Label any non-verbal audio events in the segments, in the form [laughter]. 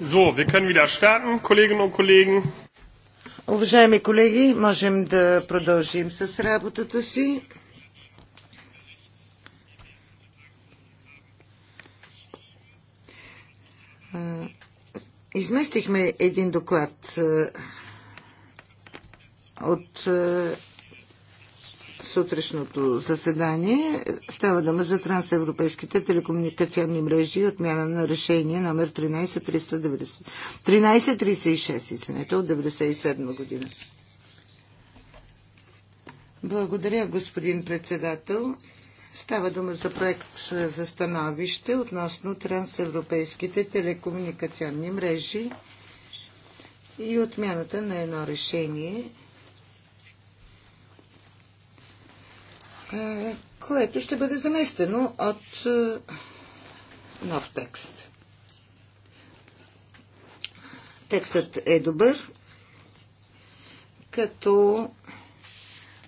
So, wir können wieder starten, Kolleginnen und Kollegen. Уважаеми колеги, можем да продължим с работата си. Изместихме един доклад от сутрешното заседание. Става дума за трансевропейските телекомуникационни мрежи и отмяна на решение номер 1336 извинете, от 1997 година. Благодаря, господин председател. Става дума за проект за становище относно трансевропейските телекомуникационни мрежи и отмяната на едно решение което ще бъде заместено от нов текст. Текстът е добър, като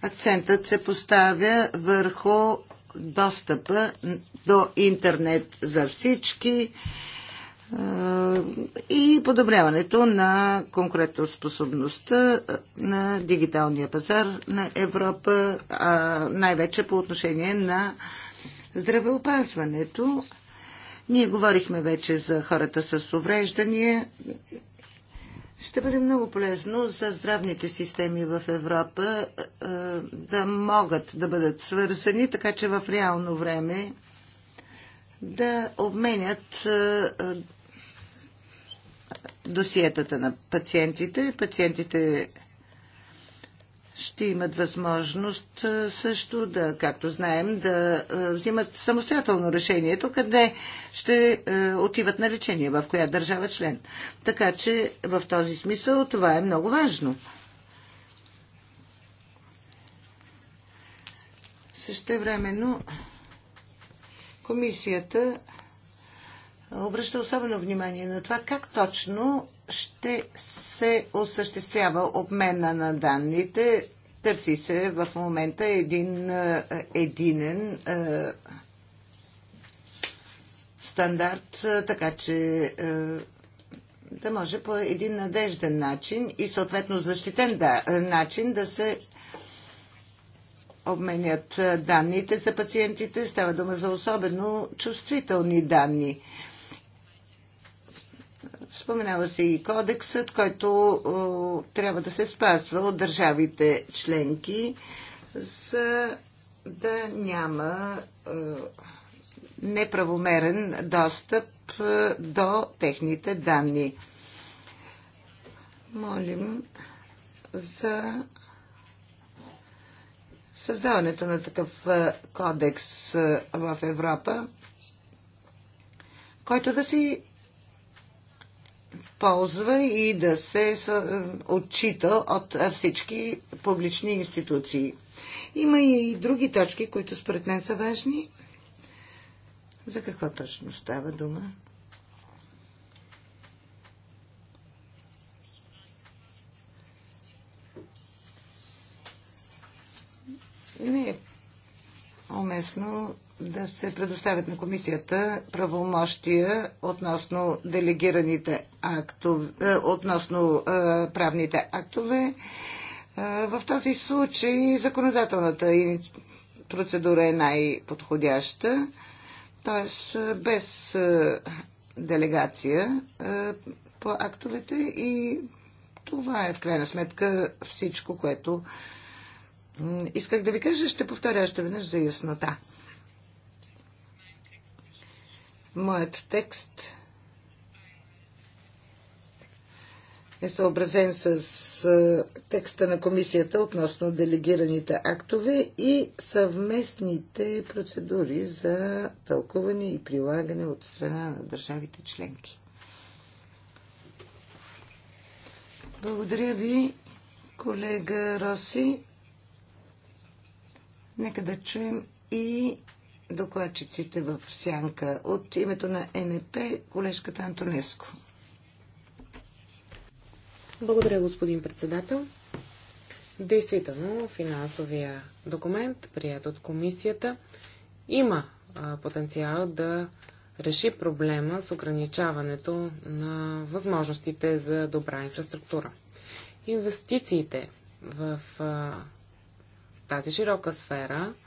акцентът се поставя върху достъпа до интернет за всички, е, и подобряването на конкурентоспособността е, на дигиталния пазар на Европа, най-вече по отношение на здравеопазването. Ние говорихме вече за хората с увреждания. Ще бъде много полезно за здравните системи в Европа е, да могат да бъдат свързани, така че в реално време да обменят досиетата на пациентите. Пациентите ще имат възможност също да, както знаем, да взимат самостоятелно решението къде ще отиват на лечение, в коя държава член. Така че в този смисъл това е много важно. Също времено комисията обръща особено внимание на това как точно ще се осъществява обмена на данните. Търси се в момента един е, единен е, стандарт, е, така че да може по един надежден начин и съответно защитен да, начин да се обменят данните за пациентите. Става дума за особено чувствителни данни. Споменава се и кодексът, който е, трябва да се спазва от държавите членки, за да няма е, неправомерен достъп е, до техните данни. Молим за създаването на такъв кодекс в Европа, който да се ползва и да се е, отчита от е, всички публични институции. Има и други точки, които според мен са важни. За какво точно става дума? Не е уместно да се предоставят на комисията правомощия относно делегираните актове, относно е, правните актове. Е, в този случай законодателната процедура е най-подходяща, т.е. без е, делегация по актовете и това е в крайна сметка всичко, което исках да ви кажа. Ще повторя още веднъж за яснота. Моят текст е съобразен с текста на комисията относно делегираните актове и съвместните процедури за тълкуване и прилагане от страна на държавите членки. Благодаря ви, колега Роси. Нека да чуем и докладчиците в Сянка. От името на НП, колежката Антонеско. Благодаря, господин председател. Действително, финансовия документ, прият от комисията, има потенциал да реши проблема с ограничаването на възможностите за добра инфраструктура. Инвестициите в тази широка сфера –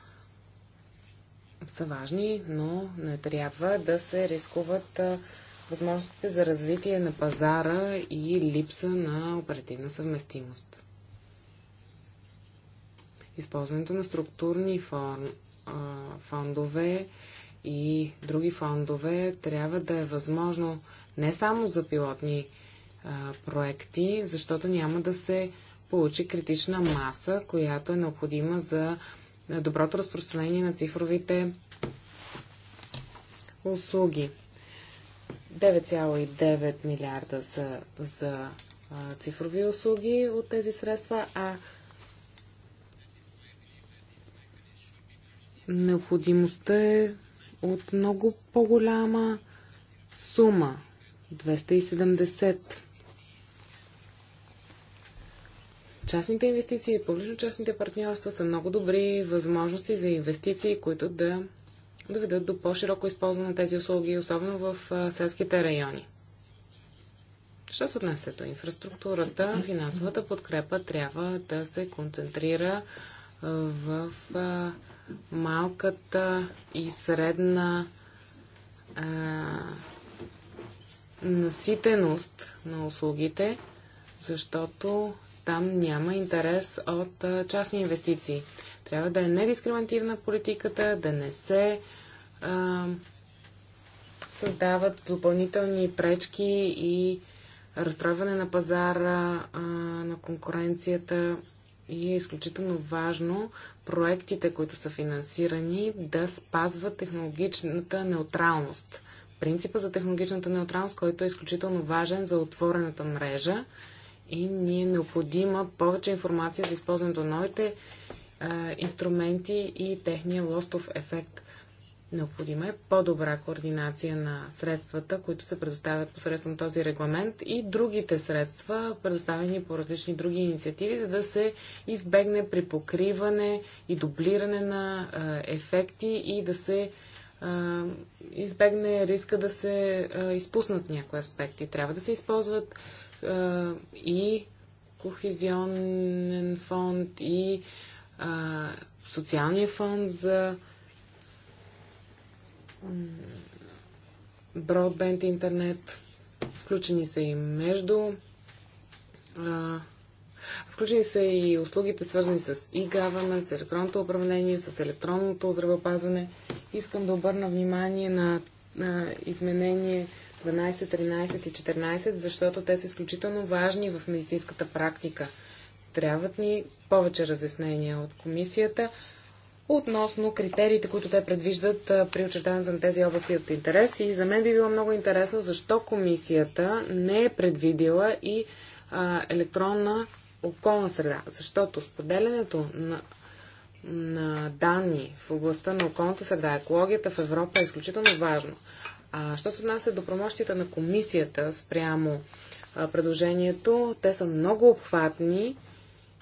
са важни, но не трябва да се рискуват възможностите за развитие на пазара и липса на оперативна съвместимост. Използването на структурни фондове и други фондове трябва да е възможно не само за пилотни проекти, защото няма да се получи критична маса, която е необходима за на доброто разпространение на цифровите услуги. 9,9 милиарда за, за а, цифрови услуги от тези средства, а необходимостта е от много по-голяма сума 270 Частните инвестиции и публично-частните партньорства са много добри възможности за инвестиции, които да доведат до по-широко използване на тези услуги, особено в селските райони. Що се отнася до инфраструктурата, финансовата подкрепа трябва да се концентрира в малката и средна а, наситеност на услугите, защото там няма интерес от частни инвестиции. Трябва да е недискриминативна политиката, да не се а, създават допълнителни пречки и разстройване на пазара, а, на конкуренцията. И е изключително важно проектите, които са финансирани, да спазват технологичната неутралност. Принципа за технологичната неутралност, който е изключително важен за отворената мрежа и ни е необходима повече информация за използването на новите а, инструменти и техния лостов ефект. Необходима е по-добра координация на средствата, които се предоставят посредством този регламент и другите средства, предоставени по различни други инициативи, за да се избегне припокриване и дублиране на а, ефекти и да се а, избегне риска да се а, изпуснат някои аспекти. Трябва да се използват и Кохезионен фонд, и а, Социалния фонд за бродбенд интернет. Включени са и между. А, включени са и услугите, свързани с e-government, с електронното управление, с електронното здравеопазване. Искам да обърна внимание на, на изменение 12, 13 и 14, защото те са изключително важни в медицинската практика. Трябват ни повече разяснения от комисията относно критериите, които те предвиждат при очертаването на тези области от интерес. И за мен би било много интересно защо комисията не е предвидила и а, електронна околна среда. Защото споделянето на, на данни в областта на околната среда, екологията в Европа е изключително важно. А, що се отнася до промощите на комисията спрямо а, предложението, те са много обхватни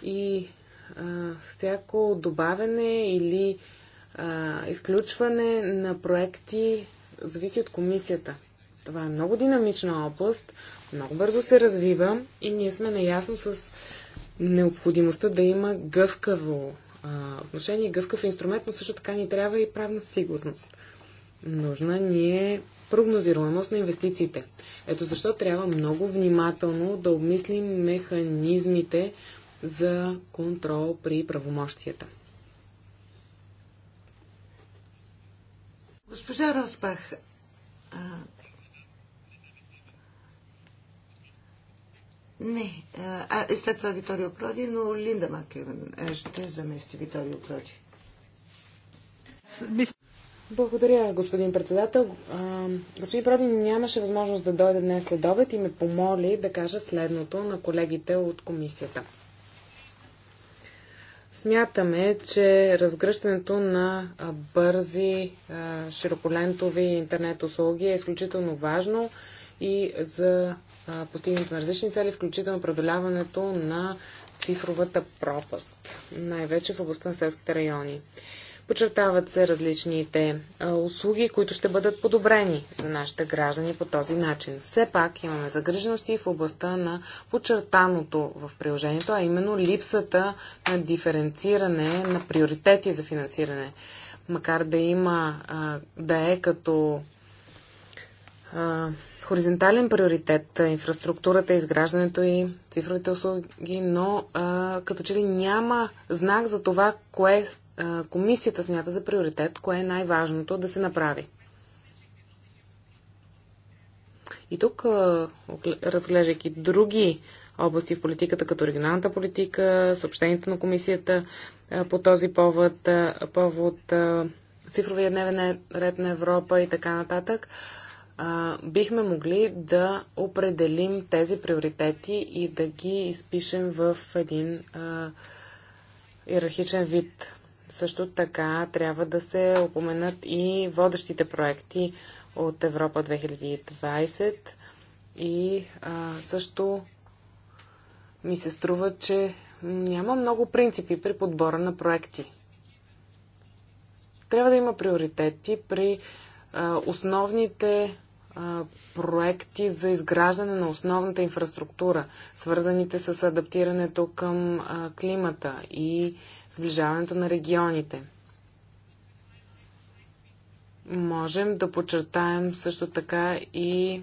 и а, всяко добавяне или а, изключване на проекти зависи от комисията. Това е много динамична област, много бързо се развива и ние сме наясно с необходимостта да има гъвкаво а, отношение, гъвкав инструмент, но също така ни трябва и правна сигурност нужна ни е прогнозируемост на инвестициите. Ето защо трябва много внимателно да обмислим механизмите за контрол при правомощията. Госпожа Роспах, а... не, а, а след това Виторио Проди, но Линда Макевен ще замести Виторио Проди. Благодаря, господин председател. Господин Продин нямаше възможност да дойде днес след обед и ме помоли да кажа следното на колегите от комисията. Смятаме, че разгръщането на бързи, широколентови интернет услуги е изключително важно и за постигането на различни цели, включително преодоляването на цифровата пропаст, най-вече в областта на селските райони. Почертават се различните а, услуги, които ще бъдат подобрени за нашите граждани по този начин. Все пак имаме загрижености в областта на подчертаното в приложението, а именно липсата на диференциране на приоритети за финансиране. Макар да има, а, да е като а, хоризонтален приоритет инфраструктурата, изграждането и цифровите услуги, но а, като че ли няма знак за това, кое комисията смята за приоритет, кое е най-важното да се направи. И тук, разглеждайки други области в политиката, като регионалната политика, съобщението на комисията по този повод, повод цифровия дневен е-, ред на Европа и така нататък, бихме могли да определим тези приоритети и да ги изпишем в един иерархичен вид. Също така трябва да се упоменат и водещите проекти от Европа 2020 и а, също ми се струва, че няма много принципи при подбора на проекти. Трябва да има приоритети при а, основните проекти за изграждане на основната инфраструктура, свързаните с адаптирането към климата и сближаването на регионите. Можем да подчертаем също така и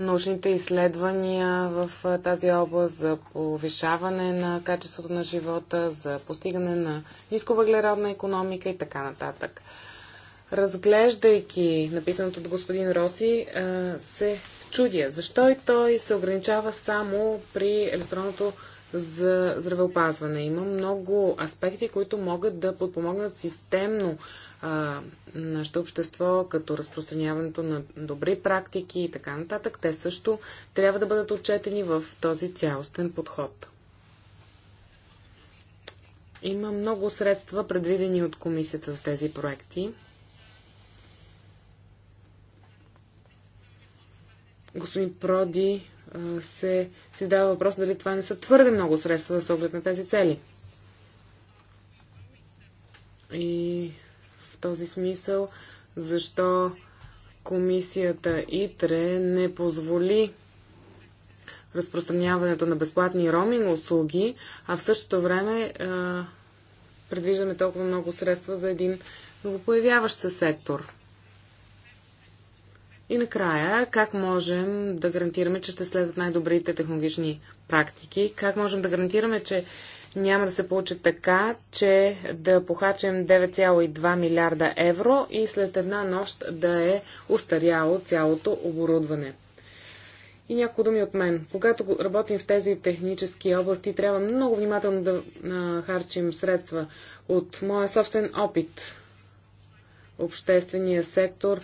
научните изследвания в тази област за повишаване на качеството на живота, за постигане на нисковъглеродна економика и така нататък разглеждайки написаното от господин Роси, се чудя защо и той се ограничава само при електронното за здравеопазване. Има много аспекти, които могат да подпомогнат системно а, нашето общество, като разпространяването на добри практики и така нататък. Те също трябва да бъдат отчетени в този цялостен подход. Има много средства, предвидени от комисията за тези проекти. господин Проди се си дава въпрос дали това не са твърде много средства за се оглед на тези цели. И в този смисъл, защо комисията ИТРЕ не позволи разпространяването на безплатни роминг услуги, а в същото време предвиждаме толкова много средства за един новопоявяващ се сектор. И накрая, как можем да гарантираме, че ще следват най-добрите технологични практики? Как можем да гарантираме, че няма да се получи така, че да похачем 9,2 милиарда евро и след една нощ да е устаряло цялото оборудване? И някои думи от мен. Когато работим в тези технически области, трябва много внимателно да а, харчим средства. От моя собствен опит, обществения сектор,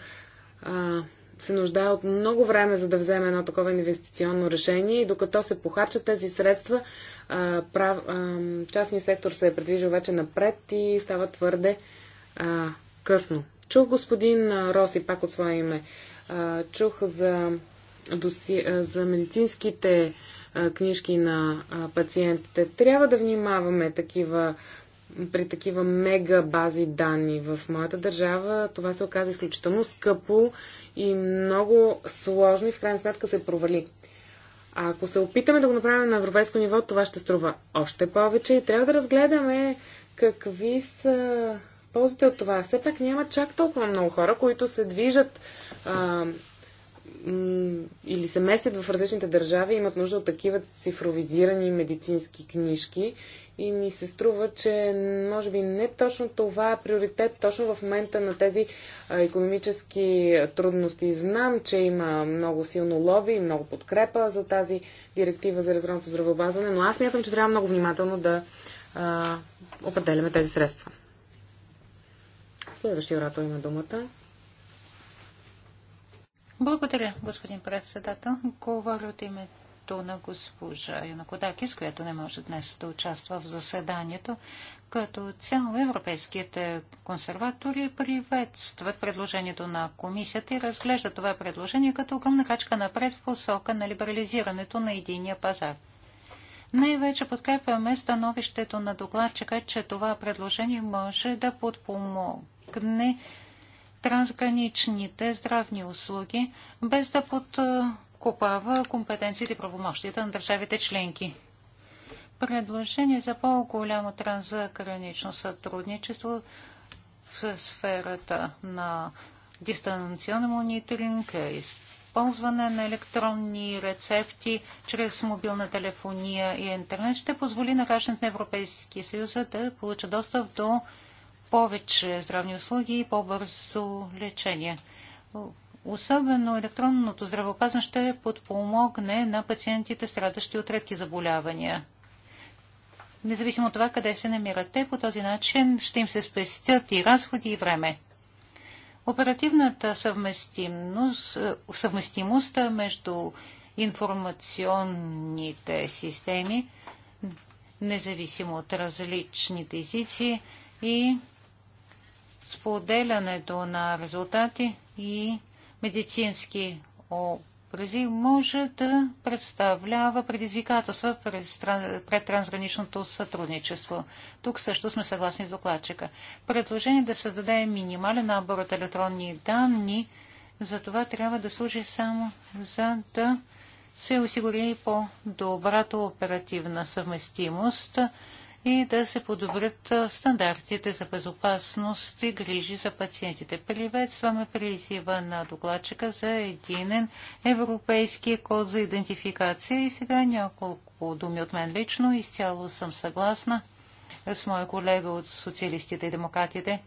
а, се нуждае от много време, за да вземе едно такова инвестиционно решение и докато се похарчат тези средства, а, прав, а, частния сектор се е предвижил вече напред и става твърде а, късно. Чух господин Роси пак от своя име. А, чух за, доси, а, за медицинските а, книжки на а, пациентите. Трябва да внимаваме такива при такива мега бази данни в моята държава, това се оказа изключително скъпо и много сложно и в крайна сметка се провали. А ако се опитаме да го направим на европейско ниво, това ще струва още повече и трябва да разгледаме какви са ползите от това. Все пак няма чак толкова много хора, които се движат а, или се местят в различните държави, имат нужда от такива цифровизирани медицински книжки. И ми се струва, че може би не точно това е приоритет, точно в момента на тези економически трудности. Знам, че има много силно лоби и много подкрепа за тази директива за електронното здравеопазване, но аз мятам, че трябва много внимателно да а, определяме тези средства. Следващия оратор има думата. Благодаря, господин председател. Говоря от името на госпожа Янакодакис, която не може днес да участва в заседанието. Като цяло европейските консерватори приветстват предложението на комисията и разглеждат това предложение като огромна качка напред в посока на либерализирането на единия пазар. Най-вече подкрепяме становището на докладчика, че това предложение може да подпомогне трансграничните здравни услуги, без да подкопава компетенциите и правомощията на държавите членки. Предложение за по-голямо трансгранично сътрудничество в сферата на дистанционен мониторинг, е използване на електронни рецепти чрез мобилна телефония и интернет ще позволи на гражданите на Европейския съюз да получат достъп до повече здравни услуги и по-бързо лечение. Особено електронното здравеопазване ще подпомогне на пациентите, страдащи от редки заболявания. Независимо от това къде се намират те, по този начин ще им се спестят и разходи, и време. Оперативната съвместимост, съвместимост между информационните системи, независимо от различните езици и споделянето на резултати и медицински образи може да представлява предизвикателства пред трансграничното сътрудничество. Тук също сме съгласни с докладчика. Предложение да създаде минимален набор от електронни данни, за това трябва да служи само за да се осигури по-добрата оперативна съвместимост и да се подобрят стандартите за безопасност и грижи за пациентите. Приветстваме призива на докладчика за единен европейски код за идентификация и сега няколко думи от мен лично. Изцяло съм съгласна с моя колега от социалистите и демократите,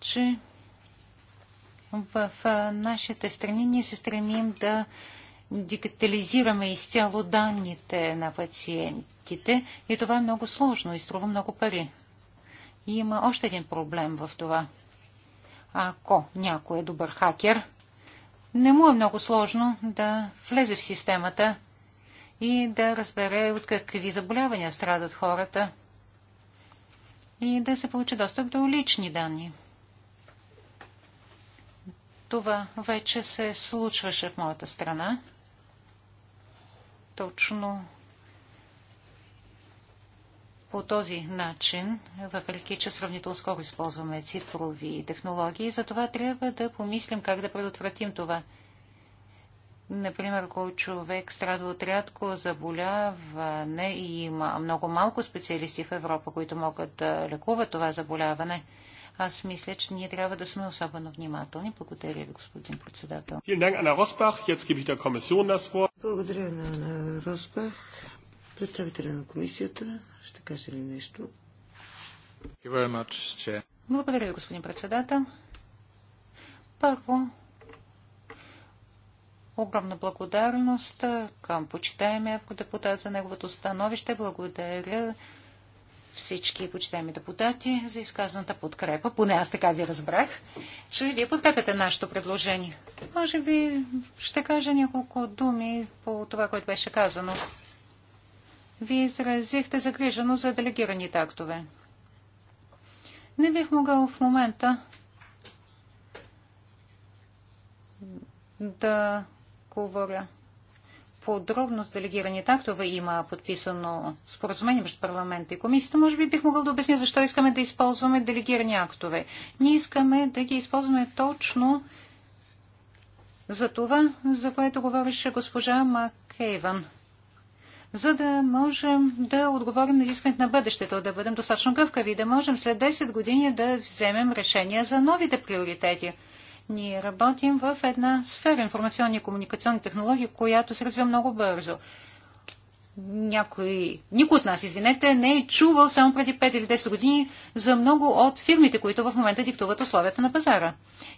че в нашите страни ние се стремим да дигитализираме изцяло данните на пациентите сметките и това е много сложно и струва много пари. И има още един проблем в това. Ако някой е добър хакер, не му е много сложно да влезе в системата и да разбере от какви заболявания страдат хората и да се получи достъп до лични данни. Това вече се случваше в моята страна. Точно по този начин, въпреки че сравнително скоро използваме цифрови технологии, за това трябва да помислим как да предотвратим това. Например, ако човек страда от рядко заболяване и има много малко специалисти в Европа, които могат да лекуват това заболяване, аз мисля, че ние трябва да сме особено внимателни. Благодаря ви, господин председател. Благодаря на Росбах. Представителя на комисията ще каже ли нещо? Благодаря ви, господин председател. Първо, огромна благодарност към почитаемия депутат за неговото становище. Благодаря всички почитаеми депутати за изказаната подкрепа. Поне аз така ви разбрах, че вие подкрепяте нашето предложение. Може би ще кажа няколко думи по това, което беше казано. Вие изразихте загрижено за делегираните актове. Не бих могъл в момента да говоря подробно с делегираните актове. Има подписано споразумение между парламента и комисията. Може би бих могъл да обясня защо искаме да използваме делегирани актове. Ние искаме да ги използваме точно за това, за което говореше госпожа Макейван – за да можем да отговорим на изискването на бъдещето, да бъдем достатъчно гъвкави, да можем след 10 години да вземем решения за новите приоритети. Ние работим в една сфера информационни и комуникационни технологии, която се развива много бързо някой, никой от нас, извинете, не е чувал само преди 5 или 10 години за много от фирмите, които в момента диктуват условията на пазара.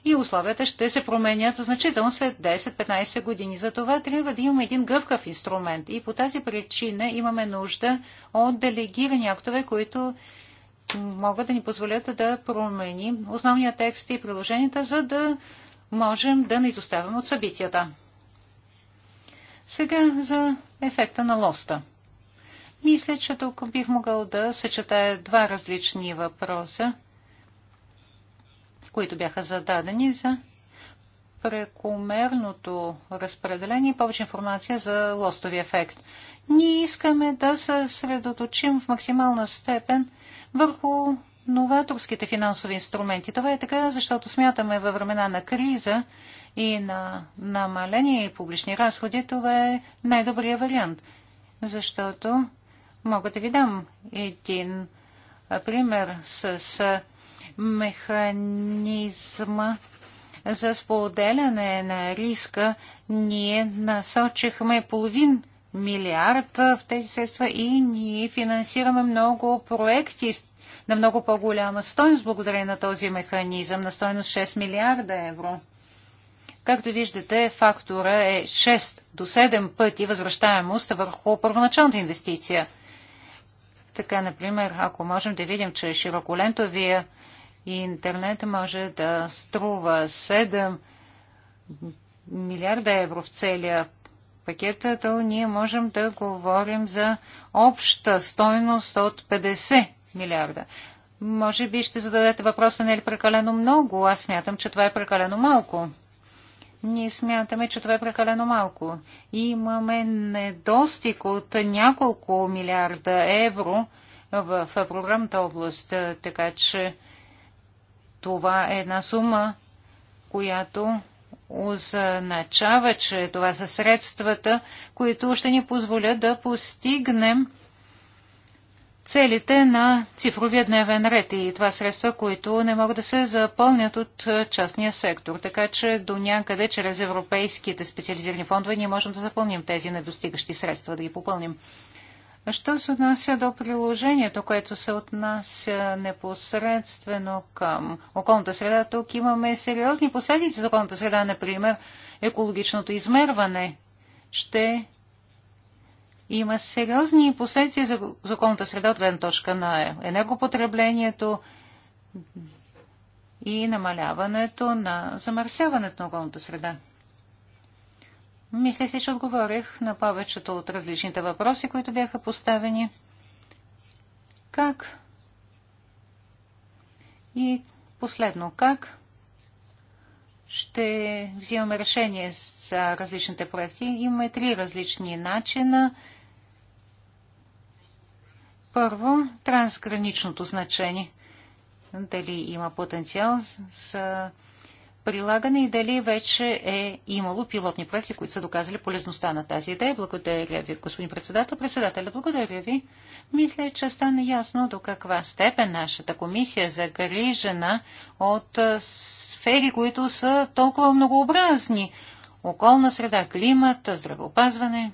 И условията ще се променят значително след 10-15 години. За това трябва да имаме един гъвкав инструмент. И по тази причина имаме нужда от делегирани актове, които могат да ни позволят да променим основния текст и приложенията, за да можем да не изоставим от събитията. Сега за ефекта на лоста. Мисля, че тук бих могъл да съчетая два различни въпроса, които бяха зададени за прекомерното разпределение и повече информация за лостови ефект. Ние искаме да се средоточим в максимална степен върху новаторските финансови инструменти. Това е така, защото смятаме във времена на криза, и на намаление и публични разходи, това е най-добрият вариант. Защото мога да ви дам един пример с механизма за споделяне на риска. Ние насочихме половин милиард в тези средства и ние финансираме много проекти на много по-голяма стойност благодарение на този механизъм, на стойност 6 милиарда евро. Както виждате, фактора е 6 до 7 пъти възвръщаемост върху първоначалната инвестиция. Така, например, ако можем да видим, че широколентовия интернет може да струва 7 милиарда евро в целия пакет, то ние можем да говорим за обща стойност от 50 милиарда. Може би ще зададете въпроса, не е ли прекалено много? Аз смятам, че това е прекалено малко. Ние смятаме, че това е прекалено малко. Имаме недостиг от няколко милиарда евро в програмната област, така че това е една сума, която означава, че това са средствата, които ще ни позволят да постигнем целите на цифровия дневен ред и това средства, които не могат да се запълнят от е, частния сектор. Така че до някъде чрез европейските специализирани фондове ние можем да запълним тези недостигащи средства, да ги попълним. Що се отнася до приложението, което се отнася непосредствено към околната среда, тук имаме сериозни последици за околната среда, например екологичното измерване ще има сериозни последствия за околната среда от гледна точка на енергопотреблението и намаляването на замърсяването на околната среда. Мисля си, че отговорих на повечето от различните въпроси, които бяха поставени. Как? И последно, как ще взимаме решение за различните проекти? Имаме три различни начина – първо, трансграничното значение. Дали има потенциал за прилагане и дали вече е имало пилотни проекти, които са доказали полезността на тази идея. Благодаря ви, господин председател. Председателя, благодаря ви. Мисля, че стана ясно до каква степен нашата комисия е загрижена от сфери, които са толкова многообразни. Околна среда, климат, здравеопазване.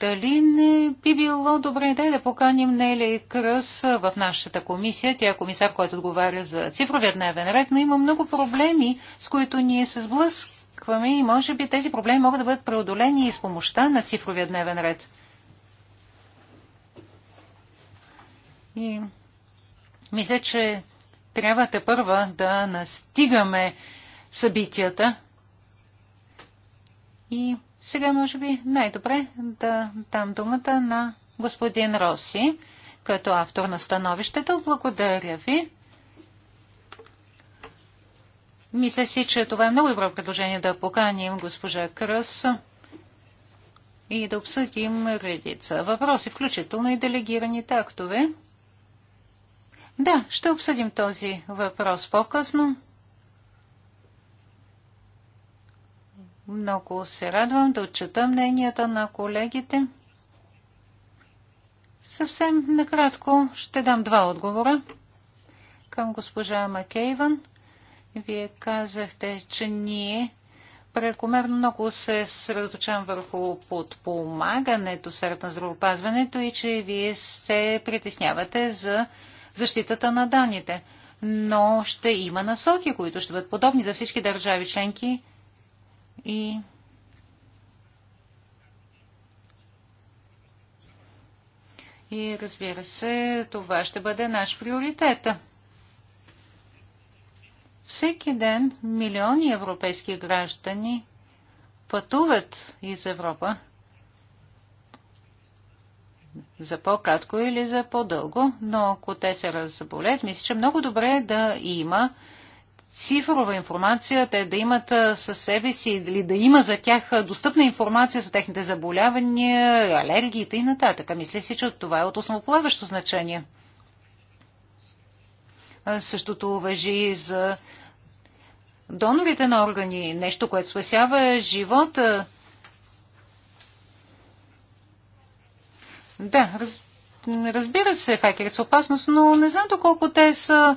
Дали не би било добра идея да поканим Нели Кръс в нашата комисия? Тя е комисар, който отговаря за цифровия дневен ред, но има много проблеми, с които ние се сблъскваме и може би тези проблеми могат да бъдат преодолени и с помощта на цифровия дневен ред. И мисля, че трябва те първа да настигаме събитията и сега може би най-добре да дам думата на господин Роси, който автор на становището. Благодаря ви. Мисля си, че това е много добро предложение да поканим госпожа Кръс и да обсъдим редица въпроси, включително и делегираните актове. Да, ще обсъдим този въпрос по-късно. Много се радвам да отчета мненията на колегите. Съвсем накратко ще дам два отговора към госпожа Макейван. Вие казахте, че ние прекомерно много се съсредоточавам върху подпомагането сферата на здравеопазването и че вие се притеснявате за защитата на данните. Но ще има насоки, които ще бъдат подобни за всички държави членки и И разбира се, това ще бъде наш приоритет. Всеки ден милиони европейски граждани пътуват из Европа за по-кратко или за по-дълго, но ако те се разболеят, мисля, че много добре е да има цифрова информация, те да имат със себе си или да има за тях достъпна информация за техните заболявания, алергиите и нататък. Мисля си, че това е от основополагащо значение. Същото въжи за донорите на органи, нещо, което спасява живота. Да, разбира се, хакерите са опасност, но не знам доколко те са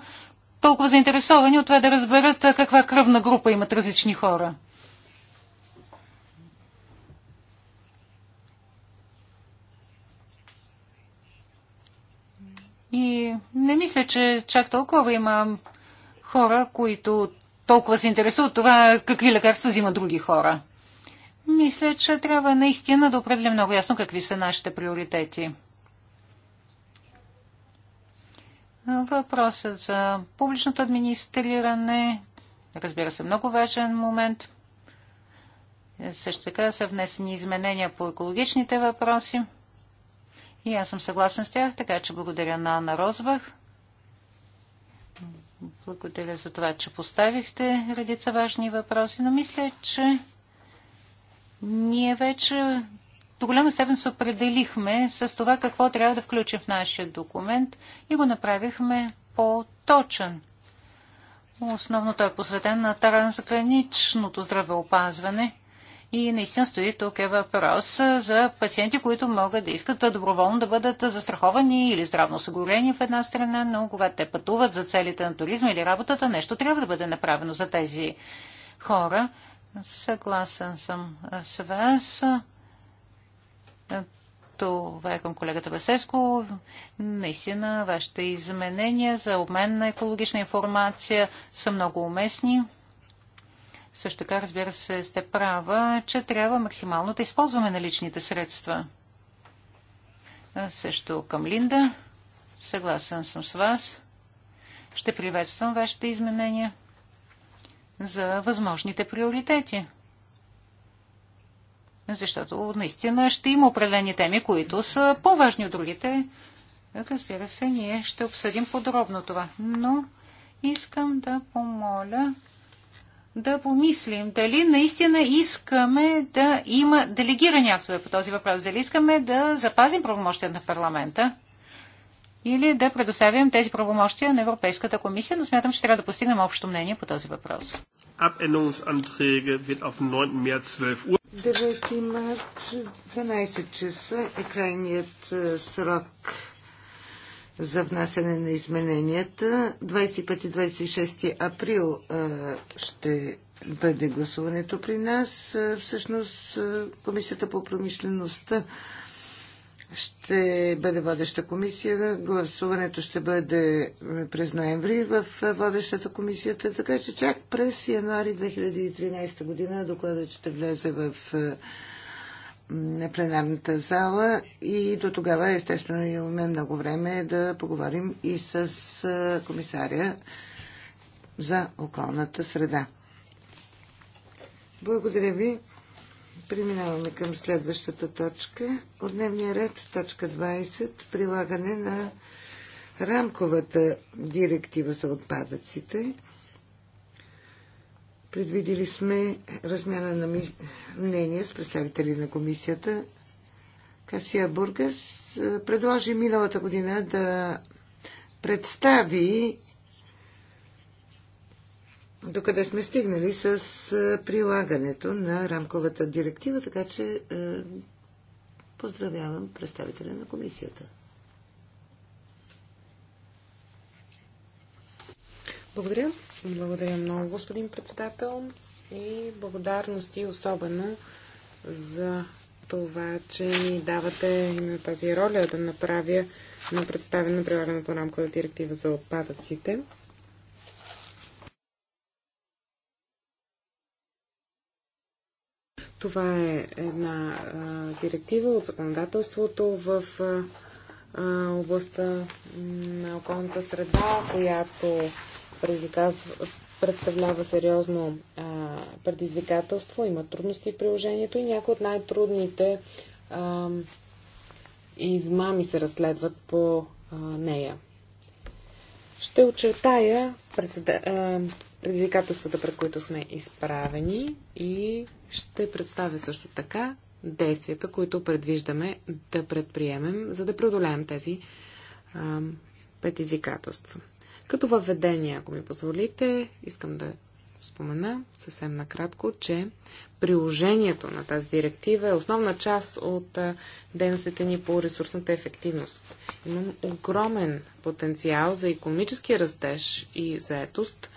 толкова заинтересовани от това да разберат каква кръвна група имат различни хора. И не мисля, че чак толкова има хора, които толкова се интересуват това какви лекарства взимат други хора. Мисля, че трябва наистина да определим много ясно какви са нашите приоритети. Въпросът за публичното администриране, разбира се, много важен момент. Също така са внесени изменения по екологичните въпроси. И аз съм съгласен с тях, така че благодаря на Анна Розбах. Благодаря за това, че поставихте редица важни въпроси, но мисля, че ние вече до голяма степен се определихме с това какво трябва да включим в нашия документ и го направихме по-точен. Основно той е посветен на трансграничното здравеопазване и наистина стои тук е въпрос за пациенти, които могат да искат доброволно да бъдат застраховани или здравно осигурени в една страна, но когато те пътуват за целите на туризма или работата, нещо трябва да бъде направено за тези хора. Съгласен съм с вас. Това е към колегата Басеско. Наистина, вашите изменения за обмен на екологична информация са много уместни. Също така, разбира се, сте права, че трябва максимално да използваме наличните средства. Също към Линда. Съгласен съм с вас. Ще приветствам вашите изменения за възможните приоритети. Защото наистина ще има определени теми, които са по-важни от другите. Разбира се, ние ще обсъдим подробно това. Но искам да помоля да помислим дали наистина искаме да има делегирани актове по този въпрос. Дали искаме да запазим правомощия на парламента или да предоставим тези правомощия на Европейската комисия, но смятам, че трябва да постигнем общо мнение по този въпрос. 9 март, 12 часа е крайният е, срок за внасяне на измененията. 25 и 26 април е, ще бъде гласуването при нас. Е, всъщност Комисията по промишлеността ще бъде водеща комисия. Гласуването ще бъде през ноември в водещата комисията, така че чак през януари 2013 година докладът ще влезе в пленарната зала и до тогава естествено имаме много време да поговорим и с комисаря за околната среда. Благодаря ви. Преминаваме към следващата точка. От дневния ред, точка 20, прилагане на рамковата директива за отпадъците. Предвидили сме размяна на мнение с представители на комисията. Касия Бургас предложи миналата година да представи докъде сме стигнали с е, прилагането на рамковата директива, така че е, поздравявам представителя на комисията. Благодаря. Благодаря много, господин председател. И благодарности особено за това, че ми давате и на тази роля да направя на представяне на прилагането на рамковата директива за отпадъците. Това е една а, директива от законодателството в а, областта на околната среда, която представлява сериозно а, предизвикателство, има трудности в приложението и някои от най-трудните измами се разследват по а, нея. Ще очертая предизвикателствата, пред които сме изправени и ще представя също така действията, които предвиждаме да предприемем, за да преодолеем тези а, предизвикателства. Като въведение, ако ми позволите, искам да спомена съвсем накратко, че приложението на тази директива е основна част от дейностите ни по ресурсната ефективност. Имам огромен потенциал за економически растеж и заетост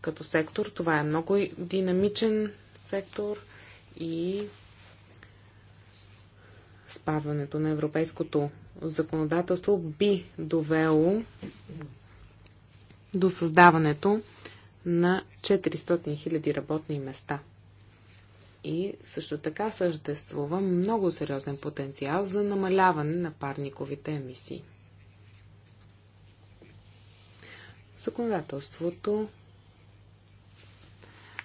като сектор. Това е много динамичен сектор и спазването на европейското законодателство би довело до създаването на 400 000 работни места. И също така съществува много сериозен потенциал за намаляване на парниковите емисии. Законодателството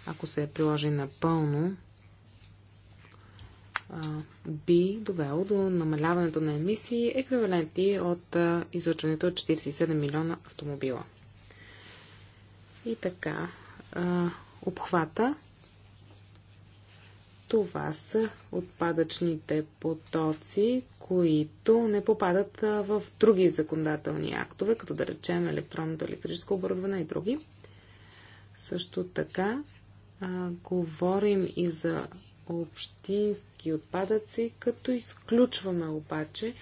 ако се е приложи напълно, би довело до намаляването на емисии, еквиваленти от излъчването от 47 милиона автомобила. И така, обхвата. Това са отпадъчните потоци, които не попадат в други законодателни актове, като да речем електронното електрическо оборудване и други. Също така а, говорим и за общински отпадъци, като изключваме обаче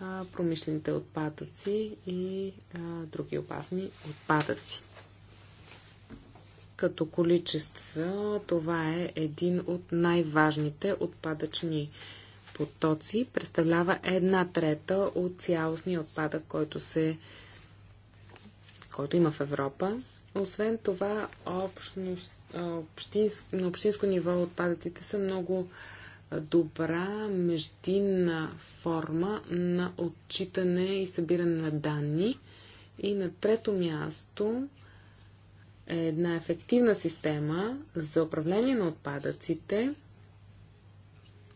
а, промишлените отпадъци и а, други опасни отпадъци. Като количество това е един от най-важните отпадъчни потоци. Представлява една трета от цялостния отпадък, който, се, който има в Европа. Освен това, общност общинск, на общинско ниво отпадъците са много добра междинна форма на отчитане и събиране на данни. И на трето място е една ефективна система за управление на отпадъците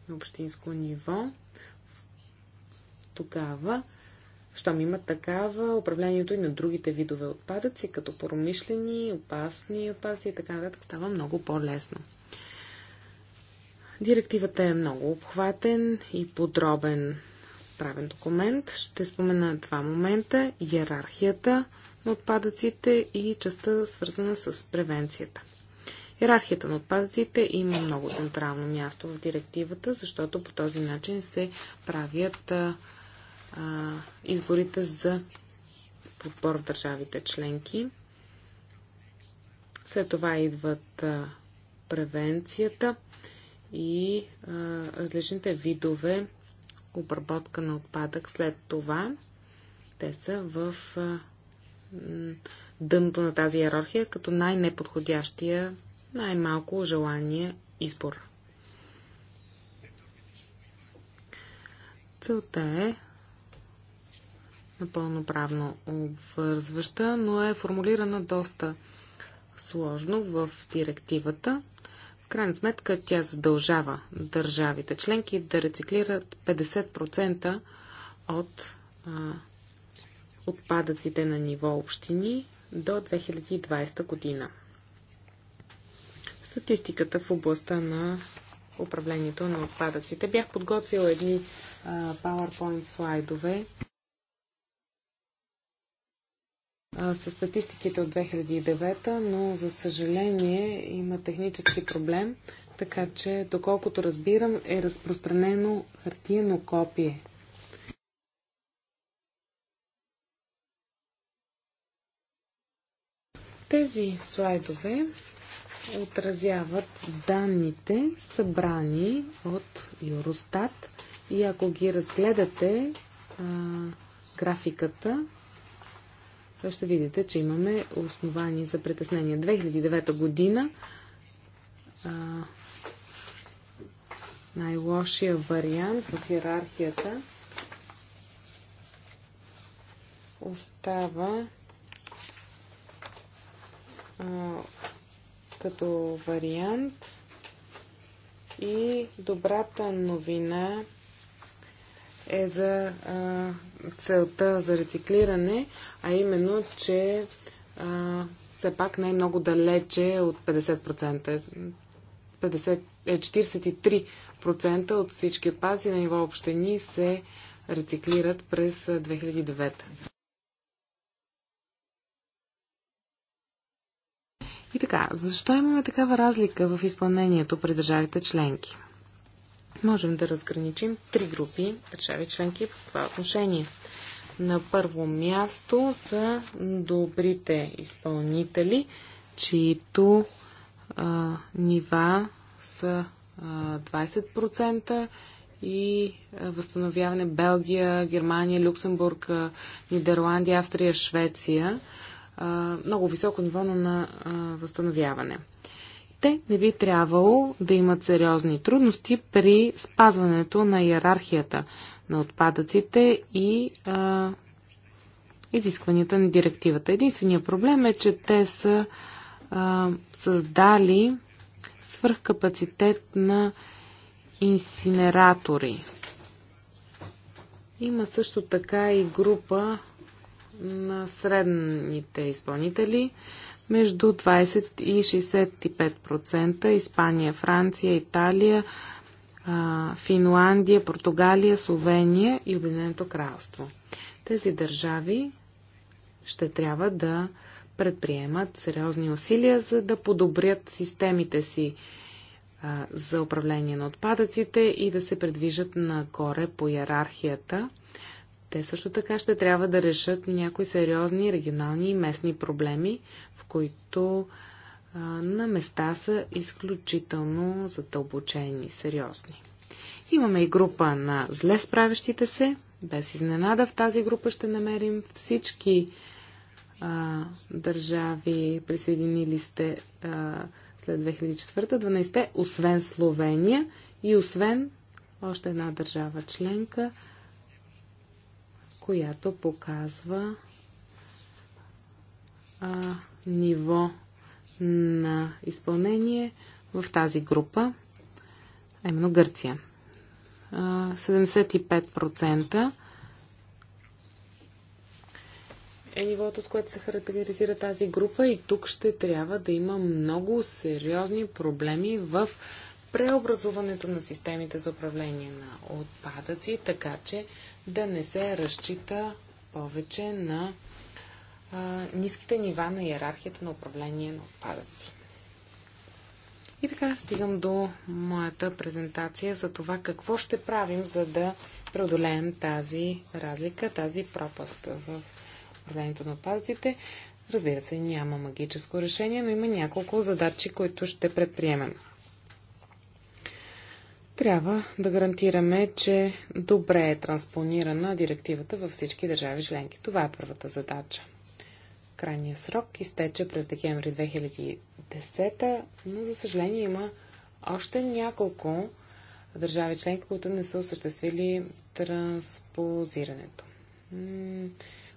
на общинско ниво. Тогава щом има такава, управлението и на другите видове отпадъци, като промишлени, опасни отпадъци и така нататък, става много по-лесно. Директивата е много обхватен и подробен правен документ. Ще спомена два момента – иерархията на отпадъците и частта свързана с превенцията. Иерархията на отпадъците има много централно място в директивата, защото по този начин се правят а, изборите за подбор в държавите членки. След това идват а, превенцията и а, различните видове обработка на отпадък. След това те са в а, дъното на тази иерархия като най-неподходящия, най-малко желание избор. Целта е напълно правно обвързваща, но е формулирана доста сложно в директивата. В крайна сметка тя задължава държавите членки да рециклират 50% от а, отпадъците на ниво общини до 2020 година. Статистиката в областта на управлението на отпадъците. Бях подготвила едни PowerPoint слайдове. с статистиките от 2009, но за съжаление има технически проблем, така че, доколкото разбирам, е разпространено хартиено копие. Тези слайдове отразяват данните, събрани от Юростат и ако ги разгледате, а, графиката ще видите, че имаме основания за притеснение. 2009 година най-лошия вариант в иерархията остава а, като вариант и добрата новина е за а, целта за рециклиране, а именно, че а, все пак не е много далече от 50%. 50 43% от всички отпадъци на ниво общини се рециклират през 2009. И така, защо имаме такава разлика в изпълнението при държавите членки? Можем да разграничим три групи държави членки в това отношение. На първо място са добрите изпълнители, чието а, нива са а, 20% и а, възстановяване Белгия, Германия, Люксембург, а, Нидерландия, Австрия, Швеция. А, много високо ниво на а, възстановяване те не би трябвало да имат сериозни трудности при спазването на иерархията на отпадъците и а, изискванията на директивата. Единственият проблем е, че те са а, създали свръхкапацитет на инсинератори. Има също така и група на средните изпълнители, между 20 и 65%. Испания, Франция, Италия, Финландия, Португалия, Словения и Обединеното кралство. Тези държави ще трябва да предприемат сериозни усилия, за да подобрят системите си за управление на отпадъците и да се предвижат нагоре по иерархията те също така ще трябва да решат някои сериозни регионални и местни проблеми, в които а, на места са изключително задълбочени, сериозни. Имаме и група на зле справящите се. Без изненада в тази група ще намерим всички а, държави, присъединили сте а, след 2004-2012, освен Словения и освен още една държава членка – която показва а, ниво на изпълнение в тази група, а именно Гърция. А, 75% е нивото, с което се характеризира тази група и тук ще трябва да има много сериозни проблеми в преобразуването на системите за управление на отпадъци, така че да не се разчита повече на а, ниските нива на иерархията на управление на отпадъци. И така стигам до моята презентация за това какво ще правим, за да преодолеем тази разлика, тази пропаст в управлението на отпадъците. Разбира се, няма магическо решение, но има няколко задачи, които ще предприемем трябва да гарантираме, че добре е транспонирана директивата във всички държави членки. Това е първата задача. Крайният срок изтече през декември 2010, но за съжаление има още няколко държави членки, които не са осъществили транспозирането.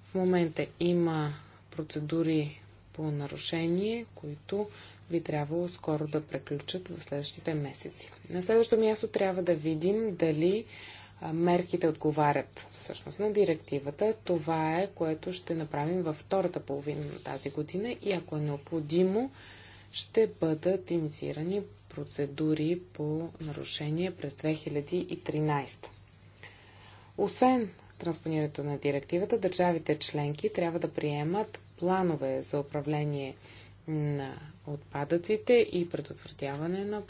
В момента има процедури по нарушение, които би трябвало скоро да преключат в следващите месеци. На следващо място трябва да видим дали мерките отговарят всъщност на директивата. Това е, което ще направим във втората половина на тази година и ако е необходимо, ще бъдат инициирани процедури по нарушение през 2013. Освен транспонирането на директивата, държавите членки трябва да приемат планове за управление на отпадъците и предотвратяване на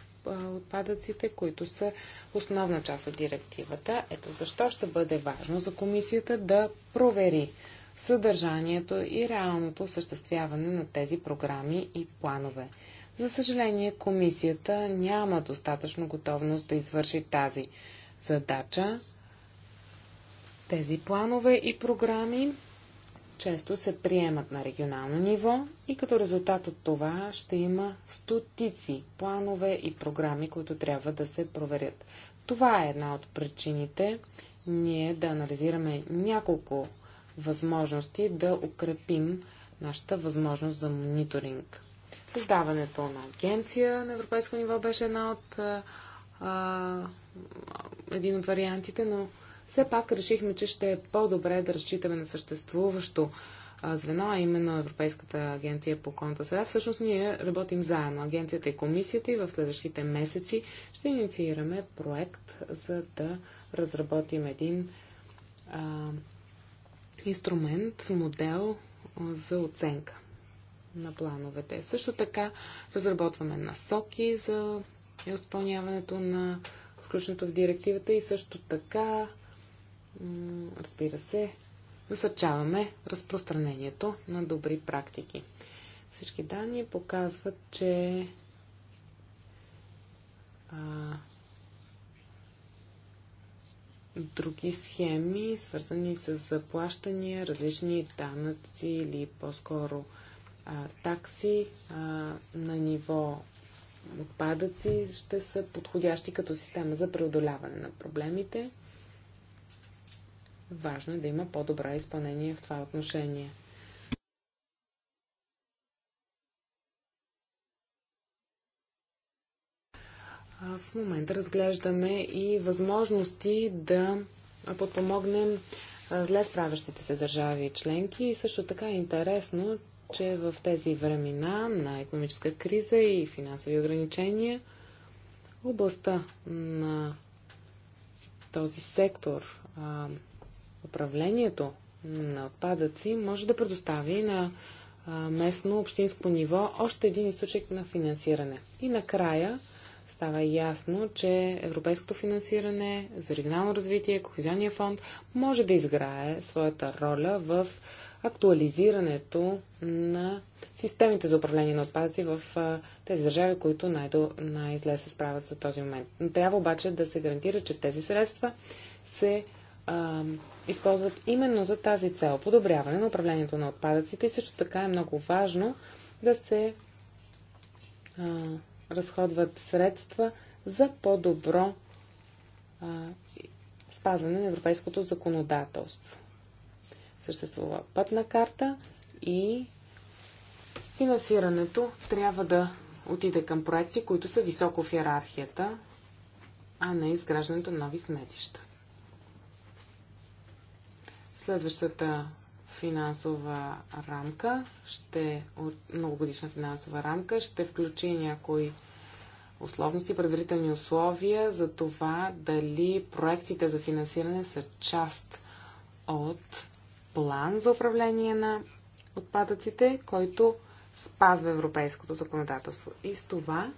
отпадъците, които са основна част от директивата. Ето защо ще бъде важно за комисията да провери съдържанието и реалното осъществяване на тези програми и планове. За съжаление, комисията няма достатъчно готовност да извърши тази задача. Тези планове и програми често се приемат на регионално ниво и като резултат от това ще има стотици планове и програми, които трябва да се проверят. Това е една от причините ние да анализираме няколко възможности да укрепим нашата възможност за мониторинг. Създаването на агенция на европейско ниво беше една от а, един от вариантите, но все пак решихме, че ще е по-добре да разчитаме на съществуващо звено, а именно Европейската агенция по конта среда. Всъщност ние работим заедно, агенцията и комисията и в следващите месеци ще инициираме проект, за да разработим един а, инструмент, модел за оценка на плановете. Също така разработваме насоки за изпълняването на включното в директивата и също така разбира се, насъчаваме разпространението на добри практики. Всички данни показват, че а, други схеми, свързани с заплащания, различни данъци или по-скоро такси а, на ниво отпадъци ще са подходящи като система за преодоляване на проблемите. Важно е да има по-добра изпълнение в това отношение. В момента разглеждаме и възможности да подпомогнем зле справящите се държави и членки. И също така е интересно, че в тези времена на економическа криза и финансови ограничения областта на този сектор управлението на отпадъци може да предостави на местно общинско ниво още един източник на финансиране. И накрая става ясно, че европейското финансиране за регионално развитие, Кохезионния фонд може да изграе своята роля в актуализирането на системите за управление на отпадъци в тези държави, които най изле най се справят за този момент. Но трябва обаче да се гарантира, че тези средства се а, използват именно за тази цел подобряване на управлението на отпадъците и също така е много важно да се а, разходват средства за по-добро спазване на европейското законодателство. Съществува пътна карта и финансирането трябва да отиде към проекти, които са високо в иерархията, а не изграждането на нови сметища. Следващата финансова рамка, ще, многогодишна финансова рамка, ще включи някои условности, предварителни условия за това дали проектите за финансиране са част от план за управление на отпадъците, който спазва европейското законодателство. И с това,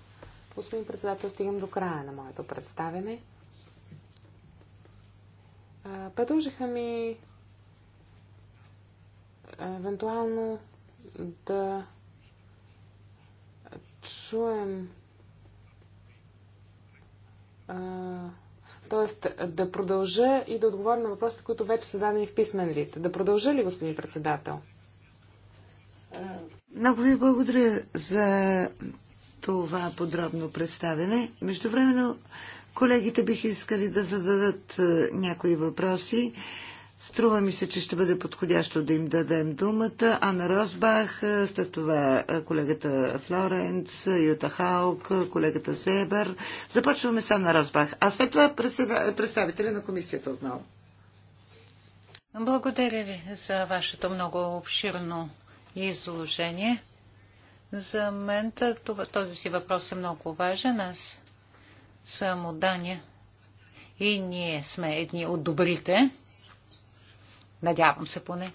господин председател, стигам до края на моето представене. Предложиха ми евентуално да чуем. Тоест да продължа и да отговоря на въпросите, които вече са дадени в писмен вид. Да продължа ли, господин председател? Много ви благодаря за това подробно представене. Междувременно колегите бих искали да зададат някои въпроси. Струва ми се, че ще бъде подходящо да им дадем думата. Ана Росбах, след това колегата Флоренц, Юта Хаук, колегата Себер. Започваме с Ана Росбах, а след това представителя на комисията отново. Благодаря ви за вашето много обширно изложение. За мен този си въпрос е много важен. Аз съм от Дания и ние сме едни от добрите. Надявам се поне.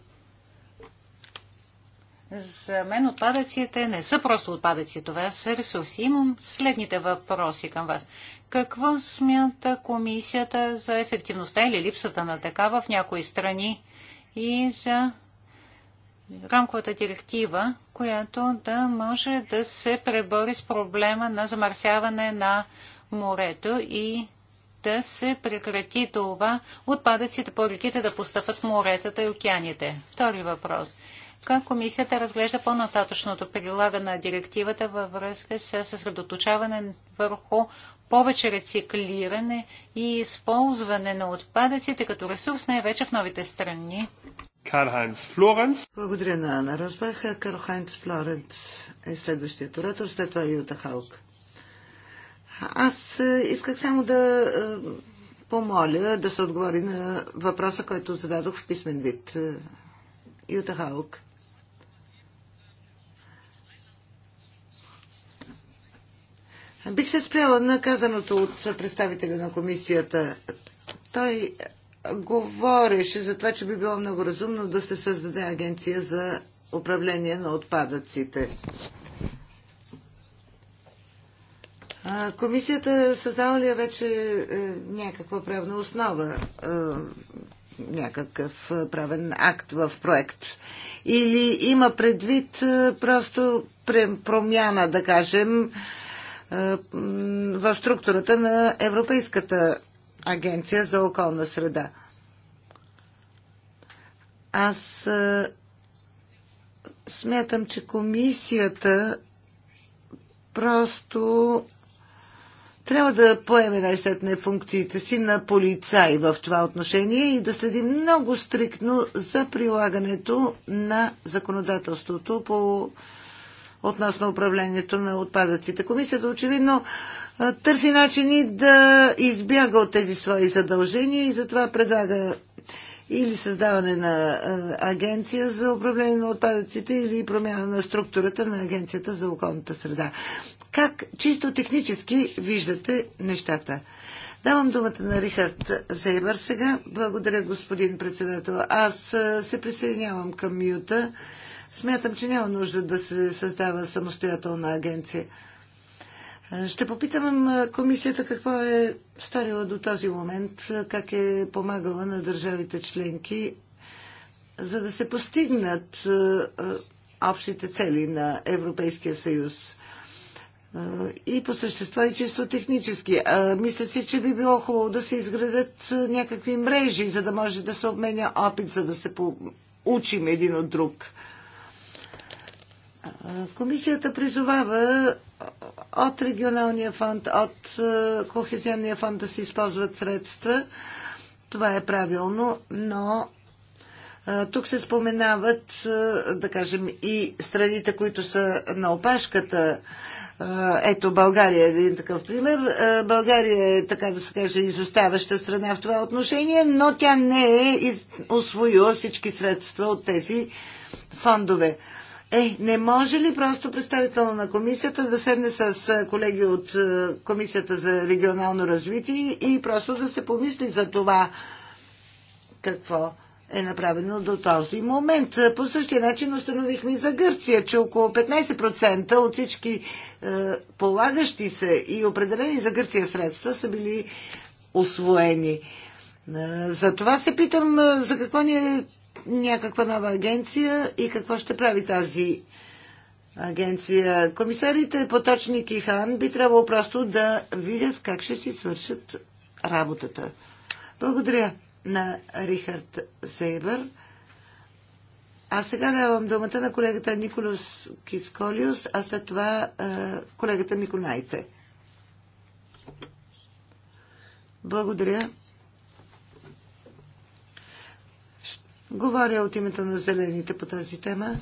За мен отпадъците не са просто отпадъци, това са ресурси. Имам следните въпроси към вас. Какво смята комисията за ефективността или липсата на такава в някои страни и за рамковата директива, която да може да се пребори с проблема на замърсяване на морето и да се прекрати това отпадъците по реките да постъпват в моретата и океаните? Втори въпрос. Как комисията разглежда по-нататъчното прилагане на директивата във връзка с съсредоточаване върху повече рециклиране и използване на отпадъците като ресурс най-вече в новите страни? Карл-Хайнц Флоренц. Благодаря на Ана Розбах. Карл-Хайнц Флоренц е следващият оратор, след това Юта Хаук. Аз е, исках само да е, помоля да се отговори на въпроса, който зададох в писмен вид. Е, Юта Халк. Бих се спряла на казаното от представителя на комисията. Той говореше за това, че би било много разумно да се създаде агенция за управление на отпадъците. Комисията създава ли вече е, някаква правна основа, е, някакъв е, правен акт в проект? Или има предвид просто промяна, да кажем, в структурата на Европейската агенция за околна среда? Аз смятам, че комисията просто трябва да поеме най-сетне функциите си на полицай в това отношение и да следи много стриктно за прилагането на законодателството по относно управлението на отпадъците. Комисията очевидно търси начини да избяга от тези свои задължения и затова предлага или създаване на агенция за управление на отпадъците или промяна на структурата на агенцията за околната среда. Как чисто технически виждате нещата? Давам думата на Рихард Зейбър сега. Благодаря, господин председател. Аз се присъединявам към Юта, Смятам, че няма нужда да се създава самостоятелна агенция. Ще попитам комисията какво е старила до този момент, как е помагала на държавите членки, за да се постигнат общите цели на Европейския съюз и по същество и чисто технически. А, мисля си, че би било хубаво да се изградят някакви мрежи, за да може да се обменя опит, за да се учим един от друг. Комисията призовава от регионалния фонд, от кохезионния фонд да се използват средства. Това е правилно, но тук се споменават, да кажем, и страните, които са на опашката ето България е един такъв пример. България е, така да се каже, изоставаща страна в това отношение, но тя не е освоила всички средства от тези фондове. Е, не може ли просто представител на комисията да седне с колеги от Комисията за регионално развитие и просто да се помисли за това какво е направено до този момент. По същия начин установихме и за Гърция, че около 15% от всички е, полагащи се и определени за Гърция средства са били освоени. Е, за това се питам е, за какво ни е някаква нова агенция и какво ще прави тази агенция. Комисарите Поточник и Хан би трябвало просто да видят как ще си свършат работата. Благодаря на Рихард Сейбър. А сега давам думата на колегата Николас Кисколиус, а след това е, колегата Миконайте. Благодаря. Говоря от името на зелените по тази тема.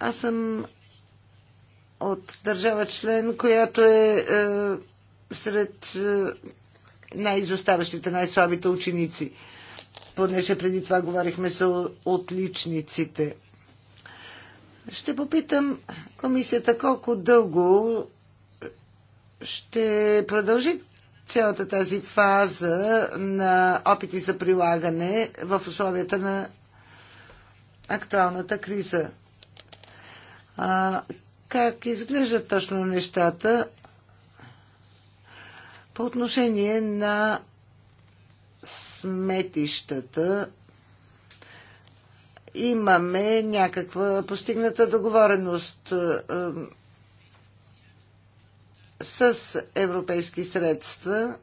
Аз съм от държава член, която е, е сред е, най-изоставащите, най-слабите ученици. Понеже преди това говорихме с отличниците. Ще попитам комисията колко дълго ще продължи цялата тази фаза на опити за прилагане в условията на актуалната криза. А, как изглеждат точно нещата по отношение на сметищата имаме някаква постигната договореност е, с европейски средства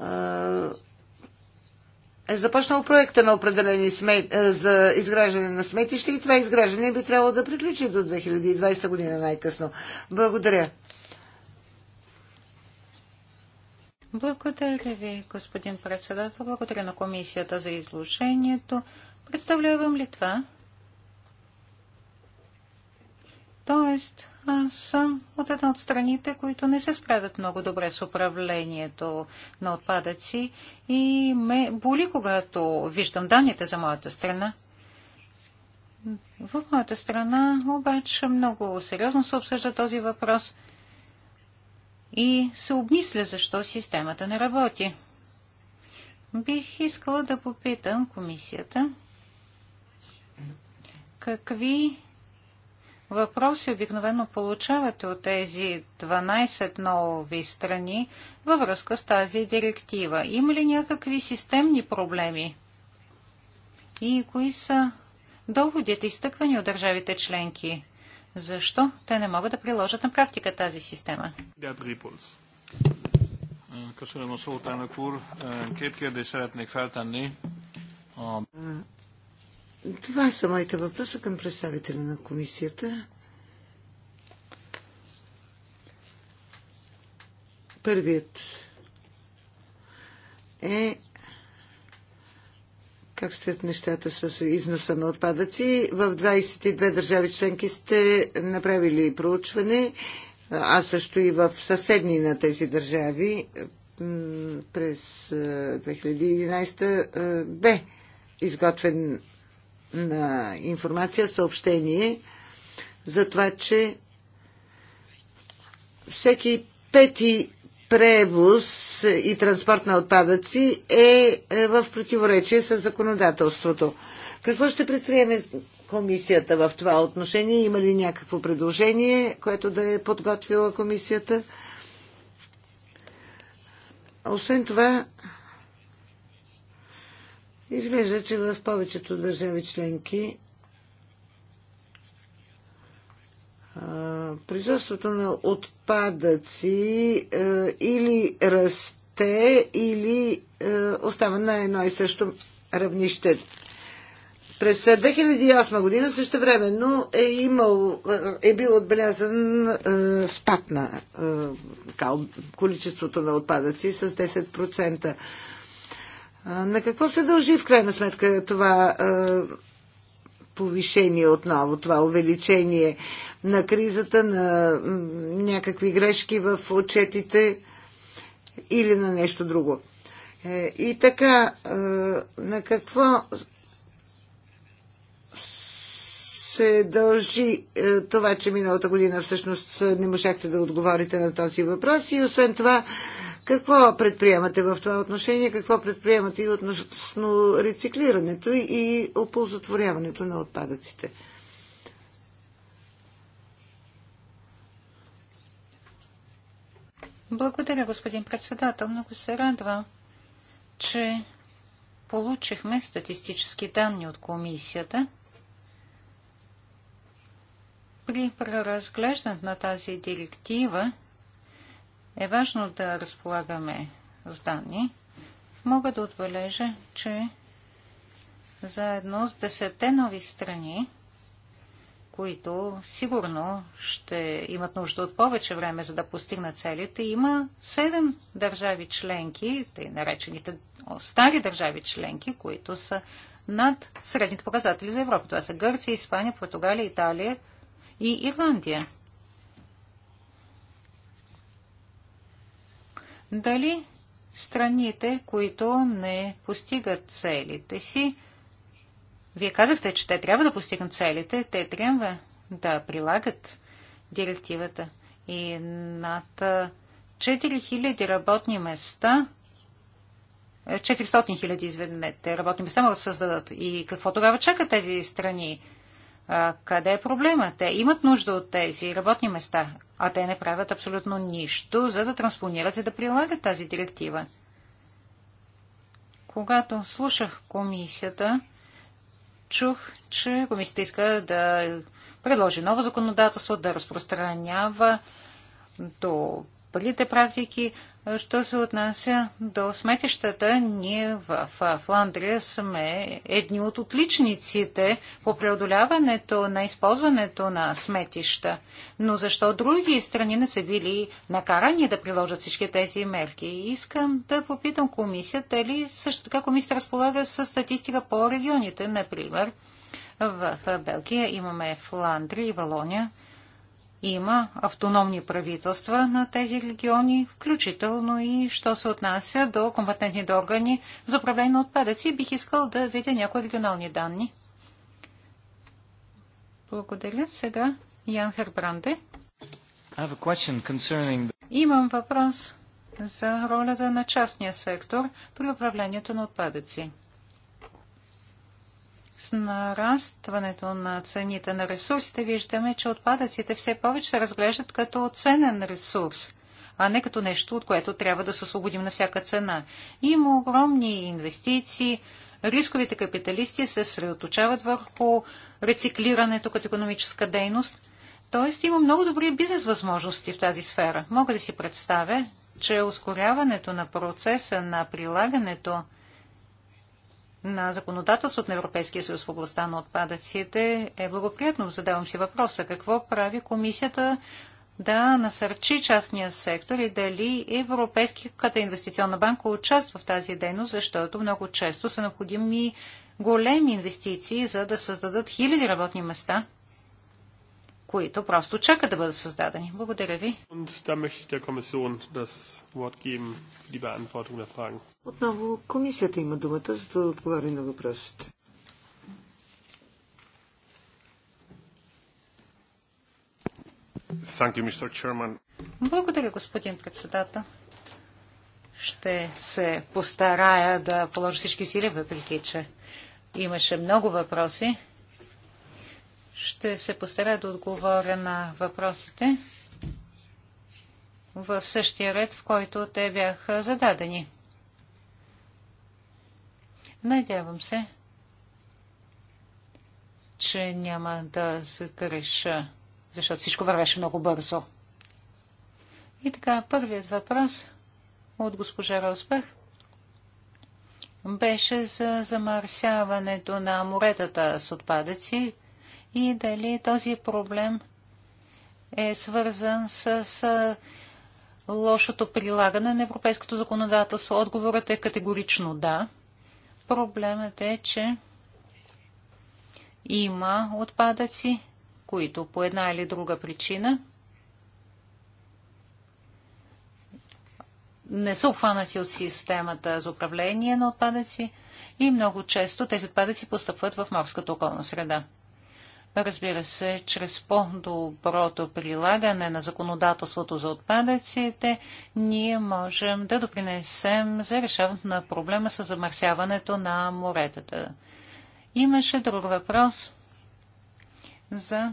е, е започнал проекта на определени смет, е, за изграждане на сметища и това изграждане би трябвало да приключи до 2020 година най-късно. Благодаря. Благодаря ви, господин председател. Благодаря на комисията за изложението. Представлявам ли това? Тоест, аз съм от една от страните, които не се справят много добре с управлението на отпадъци и ме боли, когато виждам данните за моята страна. В моята страна обаче много сериозно се обсъжда този въпрос и се обмисля защо системата не работи. Бих искала да попитам комисията какви въпроси обикновено получавате от тези 12 нови страни във връзка с тази директива? Има ли някакви системни проблеми? И кои са доводите, изтъквани от държавите членки? Защо те не могат да приложат на практика тази система? Това са моите въпроса към представителя на комисията. Първият е как стоят нещата с износа на отпадъци. В 22 държави членки сте направили проучване, а също и в съседни на тези държави през 2011 бе изготвен на информация, съобщение за това, че всеки пети превоз и транспорт на отпадъци е, е в противоречие с законодателството. Какво ще предприеме комисията в това отношение? Има ли някакво предложение, което да е подготвила комисията? Освен това, Изглежда, че в повечето държави членки производството на отпадъци или расте, или остава на едно и също равнище. През 2008 година също времено е, имал, е бил отбелязан е, спад на е, количеството на отпадъци с 10%. На какво се дължи в крайна сметка това повишение отново, това увеличение на кризата, на някакви грешки в отчетите или на нещо друго? Е, и така, на какво се дължи е, това, че миналата година всъщност не можахте да отговорите на този въпрос и освен това какво предприемате в това отношение? Какво предприемате и относно рециклирането и оползотворяването на отпадъците? Благодаря, господин председател. Много се радва, че получихме статистически данни от комисията. При преразглеждането на тази директива е важно да разполагаме с данни, мога да отбележа, че заедно с десете нови страни, които сигурно ще имат нужда от повече време, за да постигнат целите. Има седем държави членки, тъй наречените стари държави членки, които са над средните показатели за Европа. Това са Гърция, Испания, Португалия, Италия и Ирландия. дали страните, които не постигат целите си, вие казахте, че те трябва да постигнат целите, те трябва да прилагат директивата. И над 4000 работни места 400 хиляди, извинете, работни места могат да създадат. И какво тогава чакат тези страни? а, къде е проблема. Те имат нужда от тези работни места, а те не правят абсолютно нищо, за да транспонират и да прилагат тази директива. Когато слушах комисията, чух, че комисията иска да предложи ново законодателство, да разпространява добрите практики. Що се отнася до сметищата, ние в Фландрия сме едни от отличниците по преодоляването на използването на сметища. Но защо други страни не са били накарани да приложат всички тези мерки? Искам да попитам комисията или също така комисията разполага с статистика по регионите, например. В Белгия имаме Фландрия и Валония има автономни правителства на тези региони, включително и що се отнася до компетентни органи за управление на отпадъци. Бих искал да видя някои регионални данни. Благодаря. Сега Ян Хербранде. Concerning... Имам въпрос за ролята на частния сектор при управлението на отпадъци. С нарастването на цените на ресурсите виждаме, че отпадъците все повече се разглеждат като ценен ресурс, а не като нещо, от което трябва да се освободим на всяка цена. Има огромни инвестиции, рисковите капиталисти се средоточават върху рециклирането като економическа дейност. Тоест има много добри бизнес възможности в тази сфера. Мога да си представя, че ускоряването на процеса на прилагането на законодателството на Европейския съюз в областта на отпадъците е благоприятно. Задавам си въпроса какво прави комисията да насърчи частния сектор и дали Европейската инвестиционна банка участва в тази дейност, защото много често са необходими големи инвестиции, за да създадат хиляди работни места – които просто чакат да бъдат създадени. Благодаря ви. Отново комисията има думата, за да отговори на въпросите. You, Благодаря, господин председател. Ще се постарая да положа всички сили, въпреки че имаше много въпроси. Ще се постара да отговоря на въпросите в същия ред, в който те бяха зададени. Надявам се, че няма да загреша, защото всичко вървеше много бързо. И така, първият въпрос от госпожа Росбах беше за замърсяването на моретата с отпадъци, и дали този проблем е свързан с, с лошото прилагане на европейското законодателство. Отговорът е категорично да. Проблемът е, че има отпадъци, които по една или друга причина не са обхванати от системата за управление на отпадъци и много често тези отпадъци постъпват в морската околна среда. Разбира се, чрез по-доброто прилагане на законодателството за отпадъците, ние можем да допринесем за решаването на проблема с замърсяването на моретата. Имаше друг въпрос за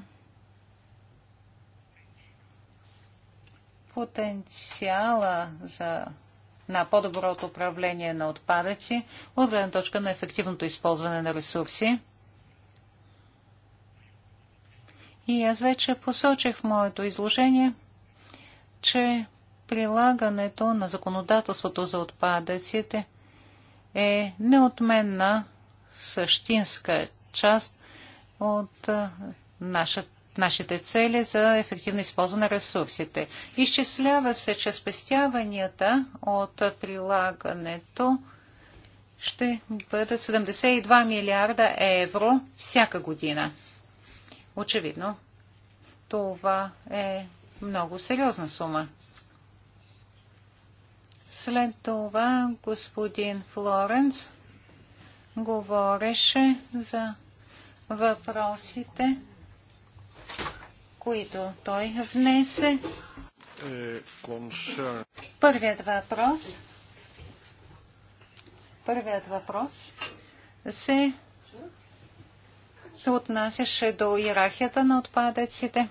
потенциала за на по-доброто управление на отпадъци от гледна точка на ефективното използване на ресурси. И аз вече посочих в моето изложение, че прилагането на законодателството за отпадъците е неотменна същинска част от нашата нашите цели за ефективно използване на ресурсите. Изчислява се, че спестяванията от прилагането ще бъдат 72 милиарда евро всяка година. Очевидно, това е много сериозна сума. След това господин Флоренц говореше за въпросите, които той внесе. Първият въпрос. Първият въпрос се се отнасяше до иерархията на отпадъците,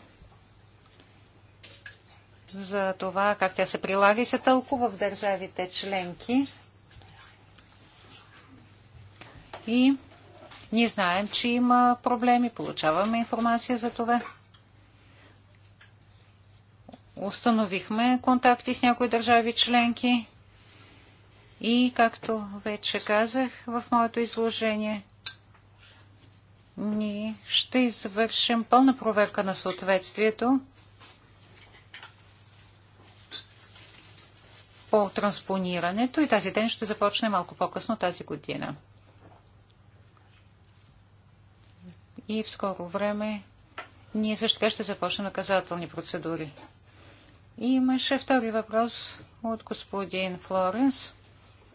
за това как тя се прилага и се тълкува в държавите членки. И ние знаем, че има проблеми, получаваме информация за това. Установихме контакти с някои държави членки и, както вече казах в моето изложение – ние ще извършим пълна проверка на съответствието по транспонирането и тази ден ще започне малко по-късно тази година. И в скоро време ние също така ще започнем наказателни процедури. Имаше втори въпрос от господин Флоренс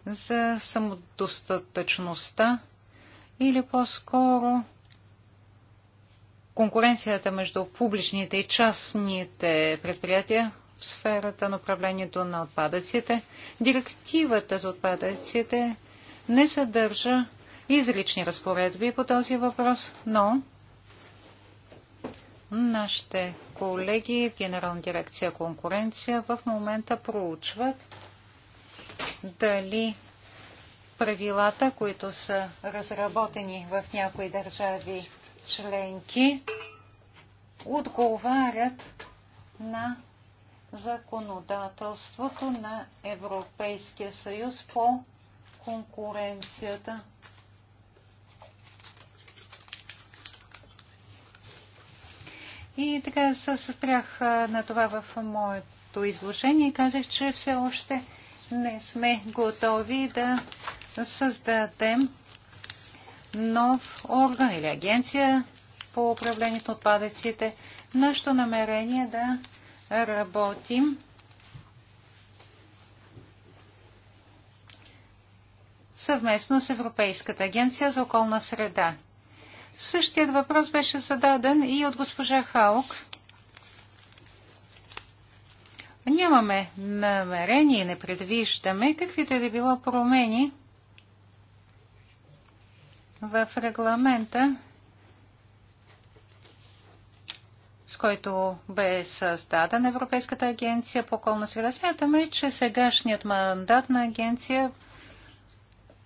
за самодостатъчността или по-скоро конкуренцията между публичните и частните предприятия в сферата на управлението на отпадъците. Директивата за отпадъците не съдържа изрични разпоредби по този въпрос, но нашите колеги в Генерална дирекция конкуренция в момента проучват дали правилата, които са разработени в някои държави членки отговарят на законодателството на Европейския съюз по конкуренцията. И така се спрях на това в моето изложение и казах, че все още не сме готови да създадем нов орган или агенция по управлението на отпадъците. Нашето намерение е да работим съвместно с Европейската агенция за околна среда. Същият въпрос беше зададен и от госпожа Хаук. Нямаме намерение, не предвиждаме каквито и да било промени – в регламента, с който бе създадена Европейската агенция по околна среда, смятаме, че сегашният мандат на агенция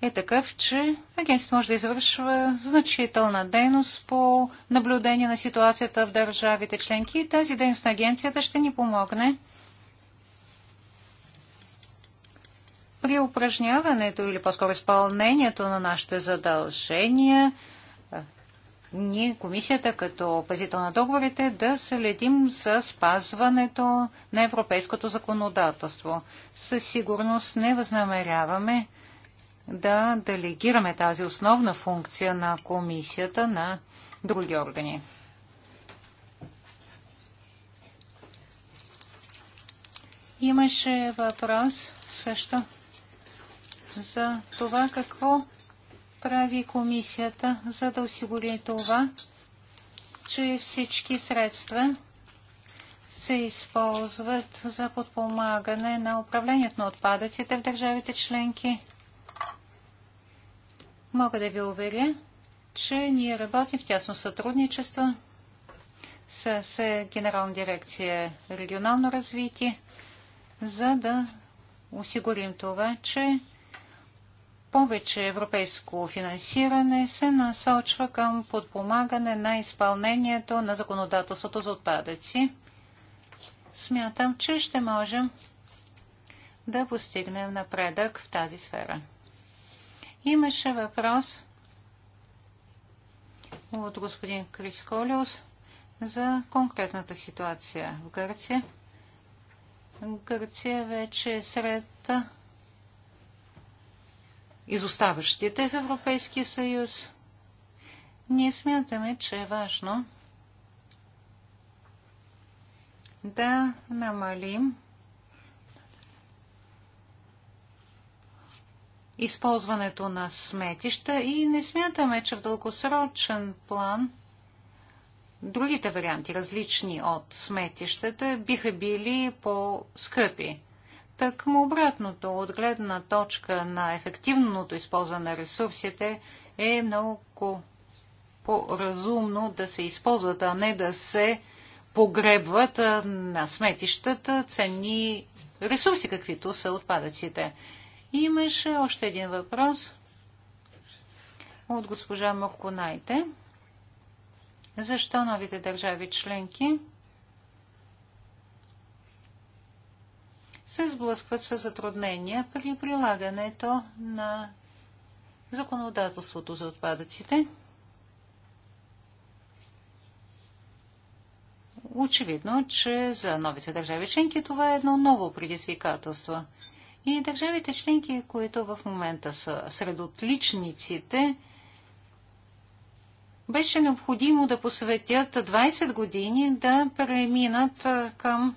е такъв, че агенцията може да извършва значителна дейност по наблюдение на ситуацията в държавите членки и тази дейност на агенцията ще ни помогне при упражняването или по-скоро изпълнението на нашите задължения, ние, комисията, като пазител на договорите, да следим за спазването на европейското законодателство. Със сигурност не възнамеряваме да делегираме тази основна функция на комисията на други органи. Имаше въпрос също за това какво прави комисията, за да осигури това, че всички средства се използват за подпомагане на управлението на отпадъците в държавите членки. Мога да ви уверя, че ние работим в тясно сътрудничество с Генерална дирекция регионално развитие, за да осигурим това, че повече европейско финансиране се насочва към подпомагане на изпълнението на законодателството за отпадъци. Смятам, че ще можем да постигнем напредък в тази сфера. Имаше въпрос от господин Крис Колиус за конкретната ситуация в Гърция. Гърция вече е сред изоставащите в Европейския съюз. Ние смятаме, че е важно да намалим използването на сметища и не смятаме, че в дългосрочен план другите варианти, различни от сметищата, биха били по-скъпи. Тъкмо обратното, от гледна точка на ефективното използване на ресурсите, е много по-разумно да се използват, а не да се погребват на сметищата ценни ресурси, каквито са отпадъците. Имаше още един въпрос от госпожа Морконайте. Защо новите държави членки се сблъскват с затруднения при прилагането на законодателството за отпадъците. Очевидно, че за новите държави членки това е едно ново предизвикателство. И държавите членки, които в момента са сред отличниците, беше необходимо да посветят 20 години да преминат към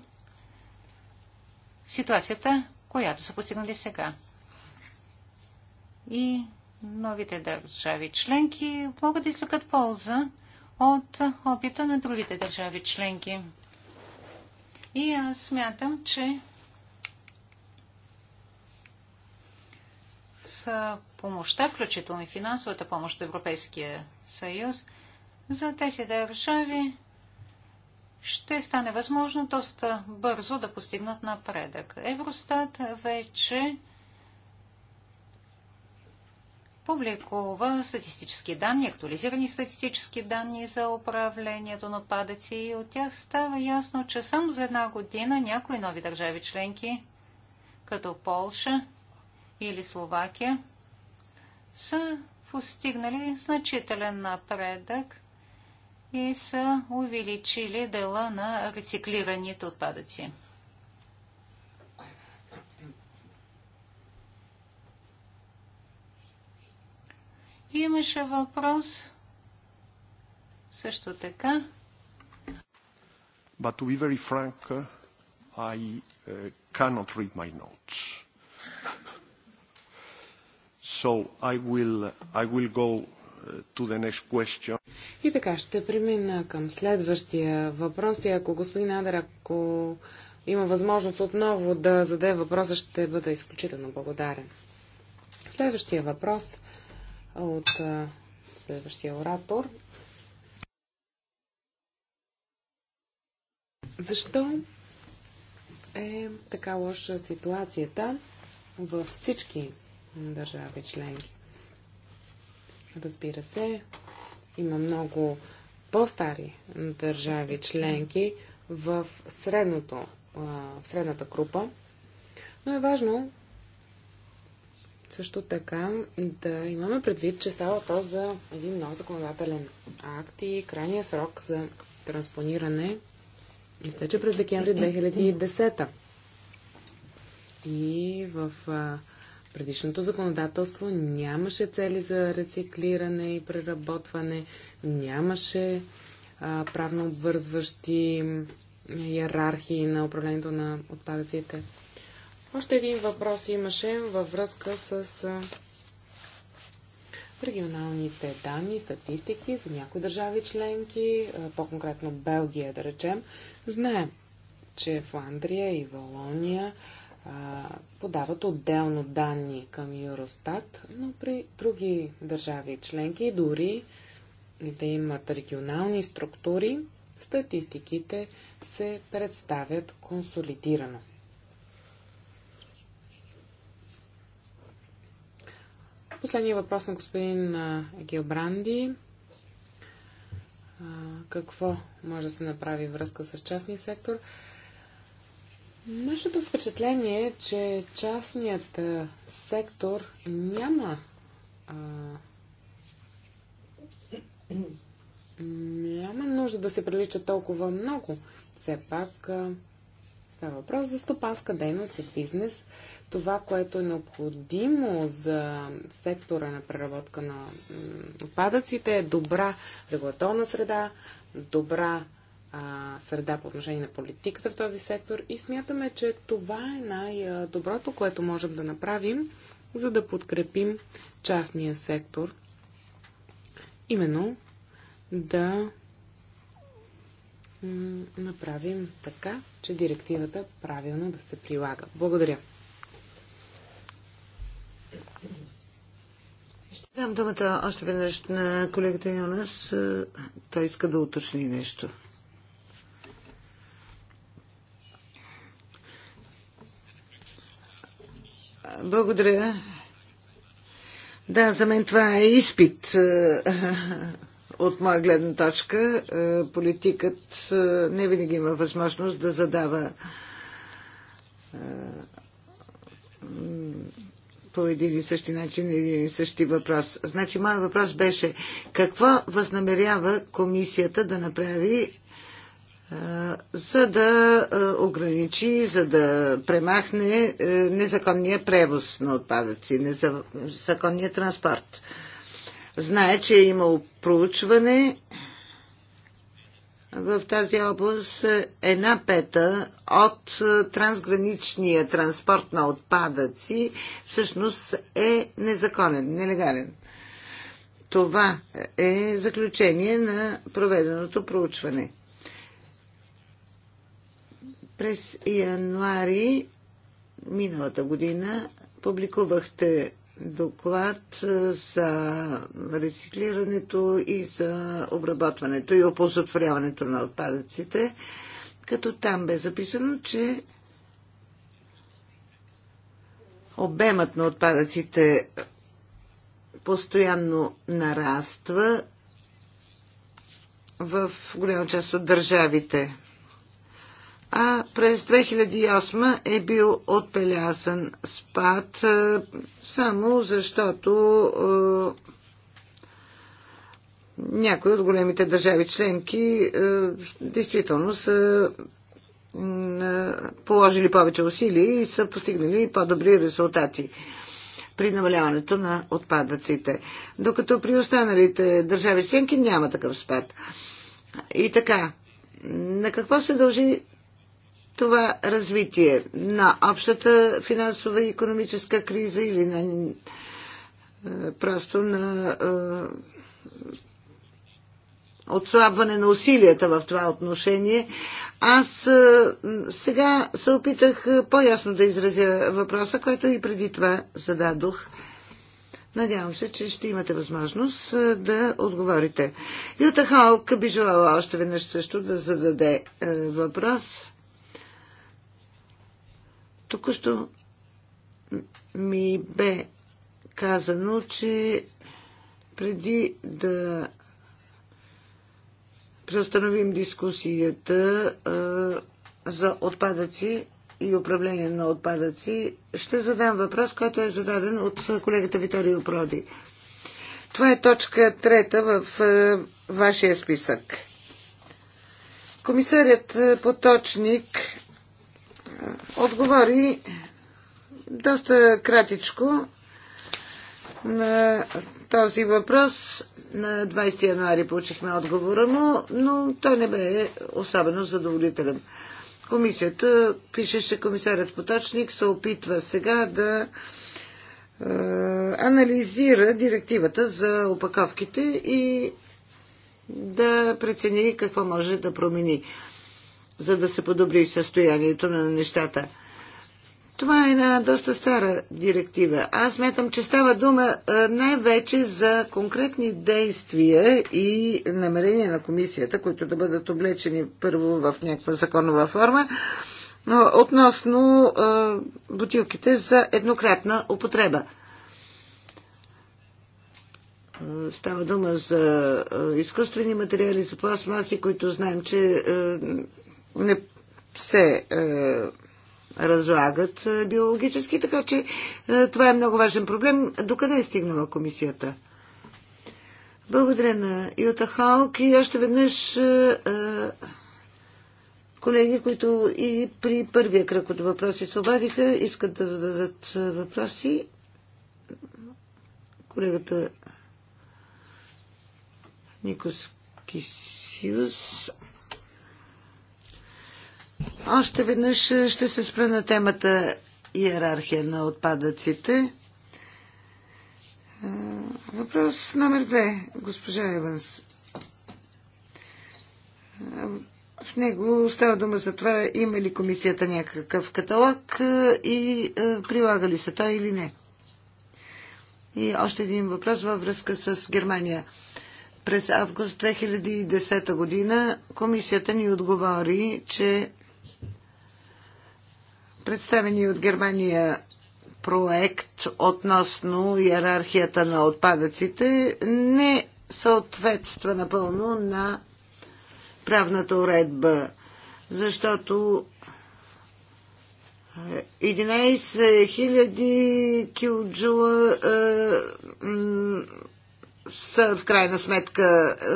ситуацията, която са постигнали сега. И новите държави членки могат да извлекат полза от опита на другите държави членки. И аз смятам, че с помощта, включително и финансовата помощ от Европейския съюз, за тези държави ще стане възможно доста бързо да постигнат напредък. Евростат вече публикува статистически данни, актуализирани статистически данни за управлението на отпадъци и от тях става ясно, че само за една година някои нови държави членки, като Полша или Словакия, са постигнали значителен напредък и са увеличили дела на рециклираните отпадъци. Имаше въпрос също така. But to be very frank, uh, I uh, cannot read my notes. So I will, uh, I will go Uh, и така, ще премина към следващия въпрос и ако господин Адер, ако има възможност отново да заде въпроса, ще бъда изключително благодарен. Следващия въпрос от следващия оратор. Защо е така лоша ситуацията във всички държави членки? Разбира се, има много по-стари държави членки в, средното, в средната група, но е важно също така да имаме предвид, че става въпрос за един нов законодателен акт и крайния срок за транспониране изтече през декември 2010. [clears throat] И в предишното законодателство нямаше цели за рециклиране и преработване, нямаше а, правно обвързващи иерархии на управлението на отпадъците. Още един въпрос имаше във връзка с а, регионалните данни, статистики за някои държави членки, по-конкретно Белгия, да речем. Знаем, че Фландрия и Валония подават отделно данни към Юростат, но при други държави членки, дори да имат регионални структури, статистиките се представят консолидирано. Последният въпрос на господин Геобранди. Какво може да се направи връзка с частния сектор? Нашето впечатление е, че частният сектор няма а, няма нужда да се прилича толкова много. Все пак а, става въпрос за стопанска дейност и бизнес. Това, което е необходимо за сектора на преработка на отпадъците е добра регулаторна среда, добра а, среда по отношение на политиката в този сектор и смятаме, че това е най-доброто, което можем да направим, за да подкрепим частния сектор. Именно да направим така, че директивата правилно да се прилага. Благодаря. Ще дам думата още веднъж на колегата Йонас. Той иска да уточни нещо. Благодаря. Да, за мен това е изпит е, от моя гледна точка. Е, политикът е, не винаги има възможност да задава по един и същи начин един и същи въпрос. Значи, моят въпрос беше какво възнамерява комисията да направи за да ограничи, за да премахне е, незаконния превоз на отпадъци, незаконния транспорт. Знае, че е имало проучване в тази област. Една пета от е, трансграничния транспорт на отпадъци всъщност е незаконен, нелегален. Това е заключение на проведеното проучване. През януари миналата година публикувахте доклад за рециклирането и за обработването и опозотворяването на отпадъците, като там бе записано, че обемът на отпадъците постоянно нараства в голяма част от държавите а през 2008 е бил отбелязан спад само защото някои от големите държави членки действително са положили повече усилия и са постигнали по-добри резултати при намаляването на отпадъците. Докато при останалите държави членки няма такъв спад. И така, на какво се дължи това развитие на общата финансова и економическа криза или на е, просто на е, отслабване на усилията в това отношение. Аз е, сега се опитах по-ясно да изразя въпроса, който и преди това зададох. Надявам се, че ще имате възможност да отговорите. Юта Халк би желала още веднъж също да зададе въпрос. Току-що ми бе казано, че преди да преустановим дискусията а, за отпадъци и управление на отпадъци, ще задам въпрос, който е зададен от колегата Виторио Проди. Това е точка трета в а, вашия списък. Комисарят Поточник отговори доста кратичко на този въпрос. На 20 януари получихме отговора му, но той не бе особено задоволителен. Комисията, пишеше комисарят Поточник, се опитва сега да е, анализира директивата за опаковките и да прецени какво може да промени за да се подобри състоянието на нещата. Това е една доста стара директива. Аз мятам, че става дума най-вече за конкретни действия и намерения на комисията, които да бъдат облечени първо в някаква законова форма, относно бутилките за еднократна употреба. Става дума за изкуствени материали, за пластмаси, които знаем, че не се е, разлагат е, биологически, така че е, това е много важен проблем. Докъде е стигнала комисията? Благодаря на Юта Халк и още веднъж е, е колеги, които и при първия кръг от въпроси се обадиха, искат да зададат е, въпроси. Колегата Никос Кисиус. Още веднъж е, ще се спра на темата иерархия на отпадъците. Е, въпрос номер две, госпожа Еванс. Е, в него става дума за това, има ли комисията някакъв каталог и прилага ли се той или не. И още един въпрос във връзка с Германия. През август 2010 година комисията ни отговори, че представени от Германия проект относно иерархията на отпадъците не съответства напълно на правната уредба, защото 11 е, 000 килджула е, са в крайна сметка е,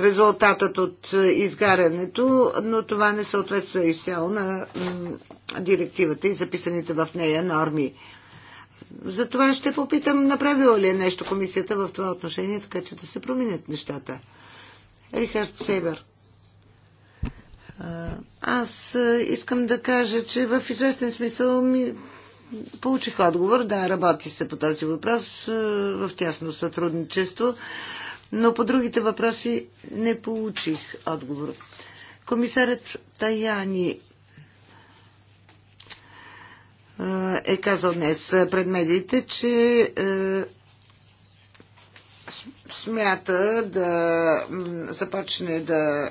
резултатът от е, изгарянето, но това не съответства изцяло на директивата и записаните в нея норми. Затова ще попитам, направила ли е нещо комисията в това отношение, така че да се променят нещата. Рихард Себер. Аз е, искам да кажа, че в известен смисъл ми получих отговор. Да, работи се по този въпрос е, в тясно сътрудничество но по другите въпроси не получих отговор. Комисарът Таяни е казал днес пред медиите, че е, смята да започне да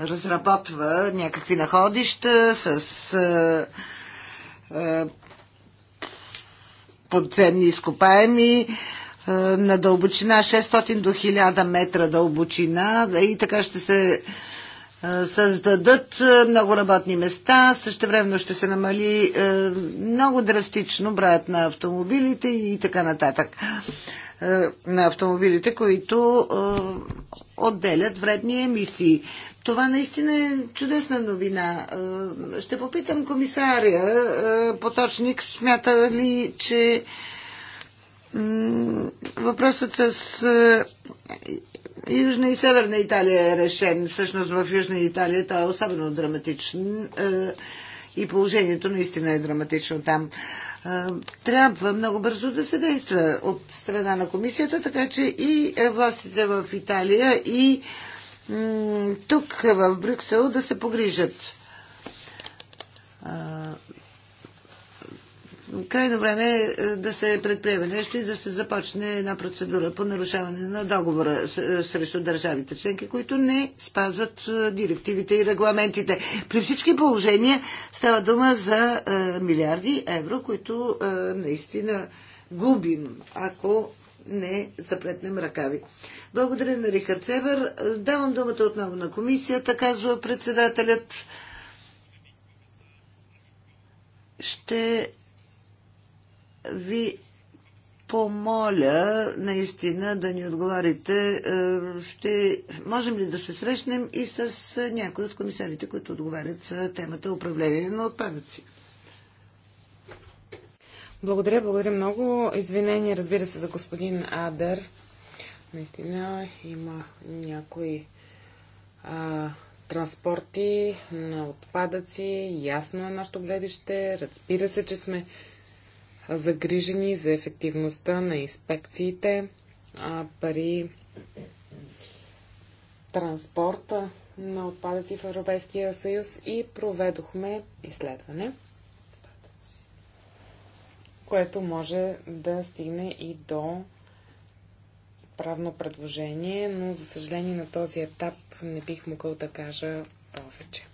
разработва някакви находища с е, е, подземни изкопаеми е, на дълбочина 600 до 1000 метра дълбочина и така ще се е, създадат е, много работни места, същевременно ще се намали много драстично броят на автомобилите и така нататък. На автомобилите, които отделят вредни емисии. Това наистина е чудесна новина. Ще попитам комисаря, поточник, смята ли, че Въпросът с Южна и Северна Италия е решен. Всъщност в Южна Италия той е особено драматичен и положението наистина е драматично там. Трябва много бързо да се действа от страна на комисията, така че и властите в Италия и тук в Брюксел да се погрижат крайно време е, е да се предприеме нещо и да се започне една процедура по нарушаване на договора е, срещу държавите членки, които не спазват е, директивите и регламентите. При всички положения става дума за милиарди евро, които наистина губим, ако не запретнем ръкави. Благодаря на Рихард Себер. Давам думата отново на комисията, казва председателят. Ще ви помоля наистина да ни отговарите, е, Ще можем ли да се срещнем и с някои от комисарите, които отговарят за темата управление на отпадъци? Благодаря, благодаря много. Извинение, разбира се, за господин Адър. Наистина има някои а, транспорти на отпадъци. Ясно е нашето гледище. Разбира се, че сме загрижени за ефективността на инспекциите а, при транспорта на отпадъци в Европейския съюз и проведохме изследване, което може да стигне и до правно предложение, но за съжаление на този етап не бих могъл да кажа повече.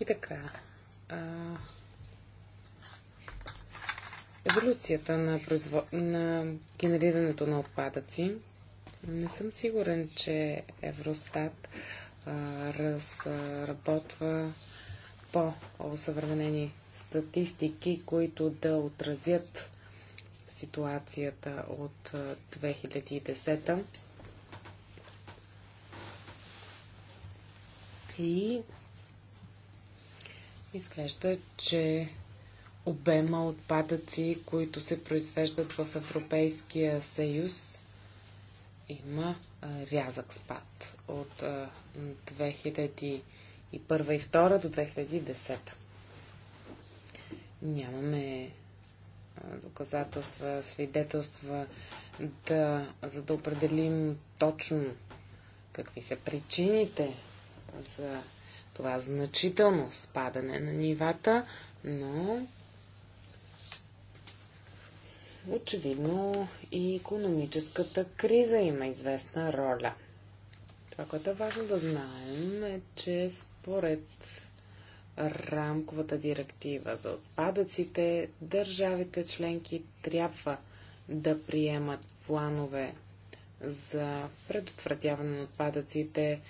И така. А, еволюцията на, произво... на генерирането на отпадъци. Не съм сигурен, че Евростат а, разработва по-осъвременени статистики, които да отразят ситуацията от 2010 и Изглежда, че обема отпадъци, които се произвеждат в Европейския съюз, има а, рязък спад от а, 2001 и 2002 до 2010. Нямаме а, доказателства, свидетелства да, за да определим точно какви са причините за това значително спадане на нивата, но очевидно и економическата криза има известна роля. Това, което е важно да знаем е, че според рамковата директива за отпадъците, държавите членки трябва да приемат планове за предотвратяване на отпадъците,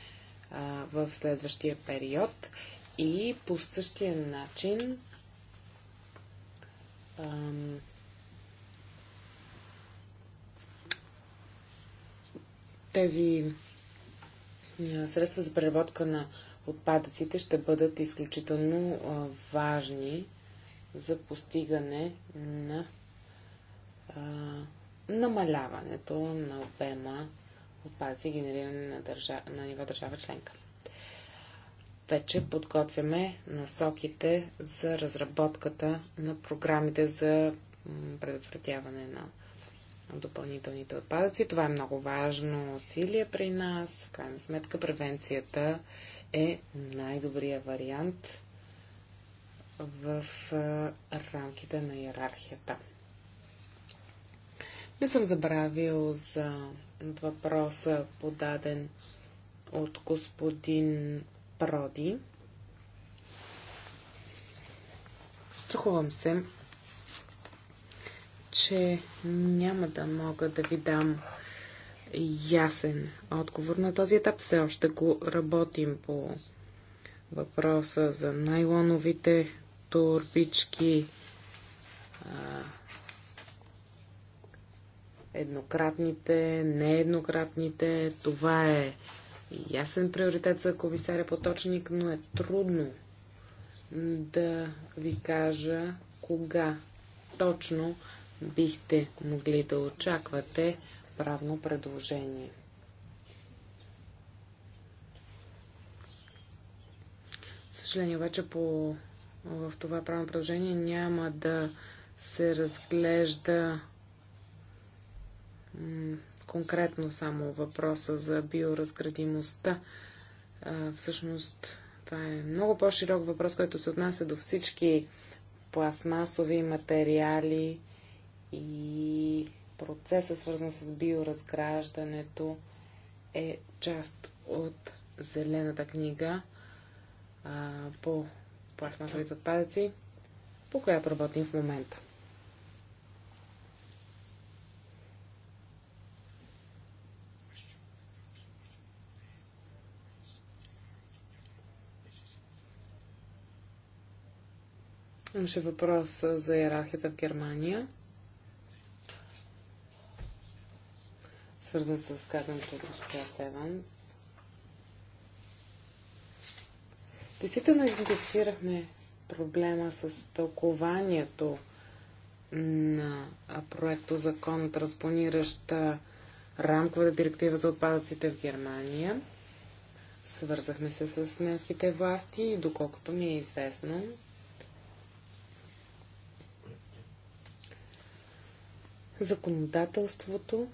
в следващия период и по същия начин ам, тези средства за преработка на отпадъците ще бъдат изключително а, важни за постигане на а, намаляването на обема отпадъци, генерирани на, държа... на ниво държава членка. Вече подготвяме насоките за разработката на програмите за предотвратяване на допълнителните отпадъци. Това е много важно усилие при нас. В крайна сметка превенцията е най-добрия вариант в рамките на иерархията. Не съм забравил за въпроса, подаден от господин Проди. Страхувам се, че няма да мога да ви дам ясен отговор на този етап. Все още го работим по въпроса за найлоновите турбички, еднократните, нееднократните. Това е ясен приоритет за комисаря Поточник, но е трудно да ви кажа кога точно бихте могли да очаквате правно предложение. съжаление, обаче по, в това правно предложение няма да се разглежда конкретно само въпроса за биоразградимостта. Всъщност, това е много по-широк въпрос, който се отнася до всички пластмасови материали и процеса, свързан с биоразграждането, е част от Зелената книга по пластмасовите отпадъци, по която работим в момента. Имаше въпрос за иерархията в Германия, свързан с казаното от госпожа Севанс. Действително идентифицирахме проблема с тълкованието на проекто закон, транспонираща рамковата директива за отпадъците в Германия. Свързахме се с немските власти и доколкото ми е известно, Законодателството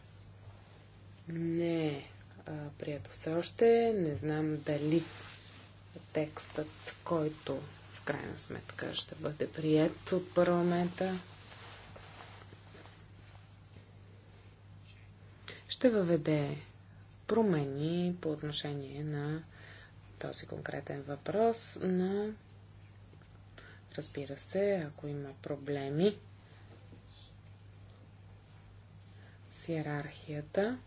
не е прието все още. Не знам дали текстът, който в крайна сметка ще бъде прият от парламента, ще въведе промени по отношение на този конкретен въпрос, но разбира се, ако има проблеми с иерархията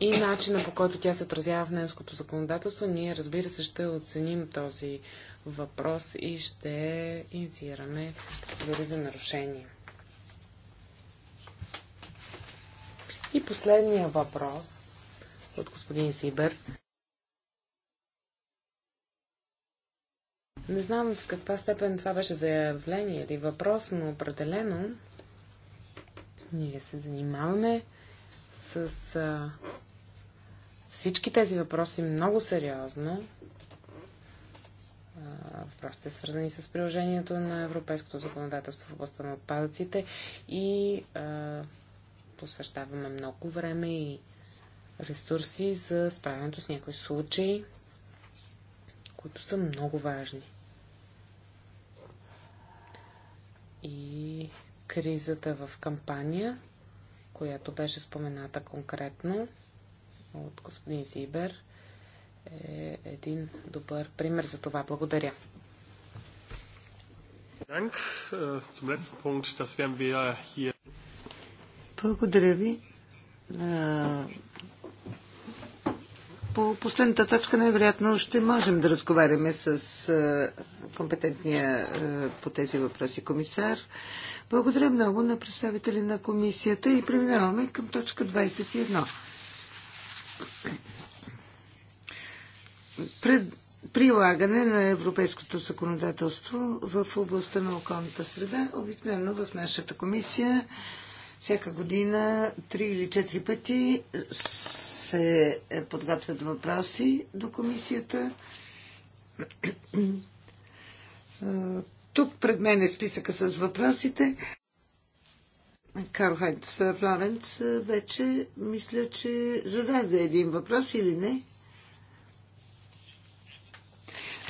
и начина по който тя се отразява в немското законодателство. Ние, разбира се, ще оценим този въпрос и ще инициираме дори за нарушение. И последния въпрос от господин Сибър. Не знам в каква степен това беше заявление или въпрос, но определено ние се занимаваме с а, всички тези въпроси много сериозно. Въпросите е свързани с приложението на европейското законодателство в областта на отпадъците и а, посвещаваме много време и ресурси за справянето с някои случаи, които са много важни. И кризата в кампания, която беше спомената конкретно от господин Зибер, е един добър пример за това. Благодаря. Äh, Благодаря ви. Э, по последната точка най-вероятно ще можем да разговаряме с э, компетентния э, по тези въпроси комисар. Благодаря много на представители на комисията и преминаваме към точка 21. Пред прилагане на европейското законодателство в областта на околната среда. Обикновено в нашата комисия всяка година три или четири пъти се подготвят въпроси до комисията. Тук пред мен е списъка с въпросите. Карл Хайнц Флавенц е, вече мисля, че зададе един въпрос или не?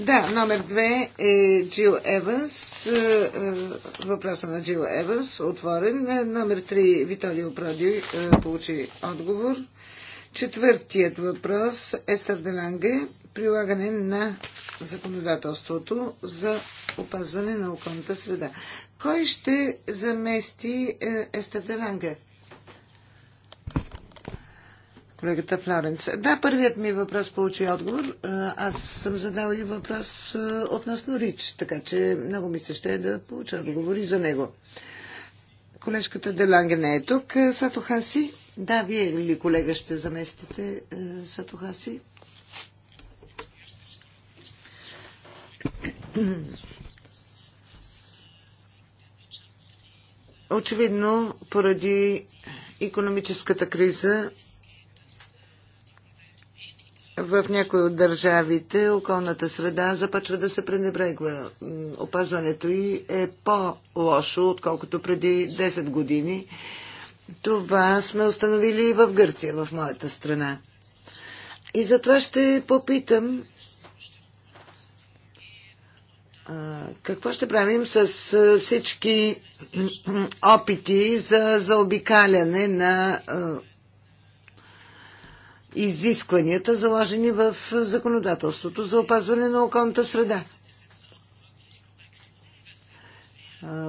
Да, номер две е Джил Еванс. Е, е, въпроса на Джил Еванс отворен. Номер три Виталио Проди получи отговор. Четвъртият въпрос Естер Деланге прилагане на законодателството за опазване на околната среда. Кой ще замести е, Естаделанга? Колегата Флоренц. Да, първият ми въпрос получи отговор. Е, аз съм задал и въпрос е, относно Рич, така че много ми се ще е да получа отговори за него. Колежката Деланге не е тук. Сато Хаси? Да, вие ли, колега, ще заместите Сато Хаси? Очевидно, поради економическата криза в някои от държавите околната среда започва да се пренебрегва. Опазването и е по-лошо, отколкото преди 10 години. Това сме установили и в Гърция, в моята страна. И затова ще попитам какво ще правим с всички [clears throat] опити за заобикаляне на изискванията, заложени в законодателството за опазване на околната среда?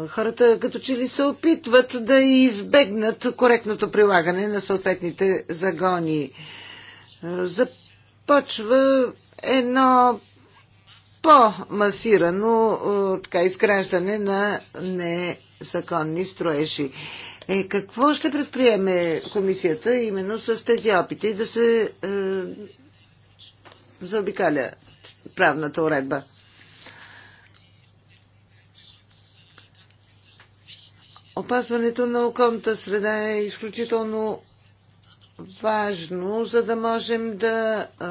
Хората като че ли се опитват да избегнат коректното прилагане на съответните загони. Започва едно по-масирано е, така, на незаконни строежи. Е, какво ще предприеме комисията именно с тези опити да се е, заобикаля правната уредба? Опазването на околната среда е изключително важно, за да можем да е,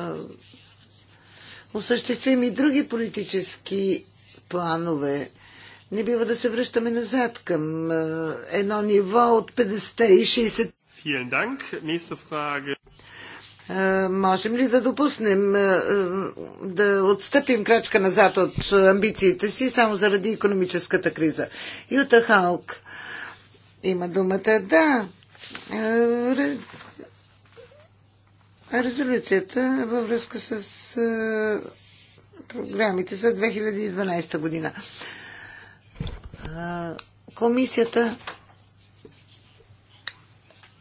осъществим и други политически планове. Не бива да се връщаме назад към едно ниво от 50 и 60. Можем ли да допуснем да отстъпим крачка назад от амбициите си само заради економическата криза? Юта Халк има думата. Да, резолюцията във връзка с програмите за 2012 година. Комисията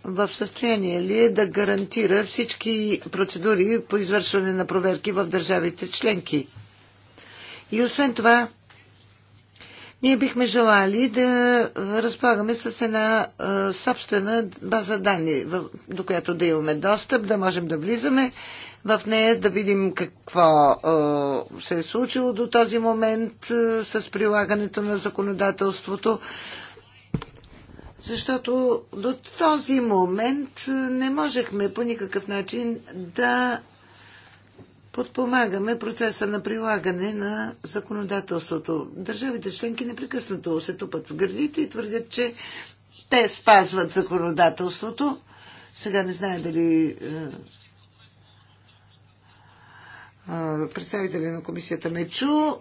в състояние ли е да гарантира всички процедури по извършване на проверки в държавите членки? И освен това, ние бихме желали да разполагаме с една а, собствена база данни, до която да имаме достъп, да можем да влизаме в нея, да видим какво а, се е случило до този момент а, с прилагането на законодателството. Защото до този момент не можехме по никакъв начин да подпомагаме процеса на прилагане на законодателството. Държавите членки непрекъснато се тупат в гърдите и твърдят, че те спазват законодателството. Сега не знае дали е, е, представителя на комисията ме чу. Е,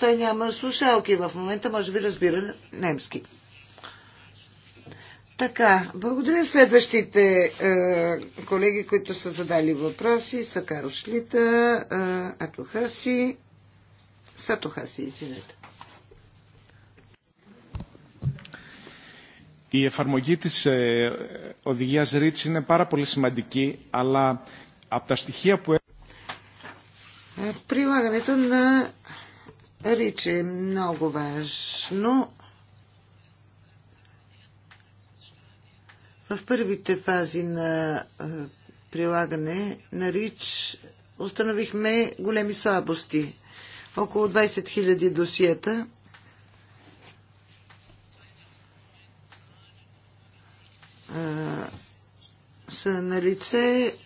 той няма слушалки в момента, може би разбира немски. Така, благодаря следващите е, колеги, които са задали въпроси. Сакаро Шлита, е, Атохаси, Сатохаси, извинете. Η εφαρμογή της ε, οδηγίας REACH είναι πάρα πολύ σημαντική, αλλά από τα στοιχεία που... έχουμε... Е, прилагането на Рич είναι πολύ σημαντικό, В първите фази на прилагане на РИЧ установихме големи слабости. Около 20 000 досиета са на лице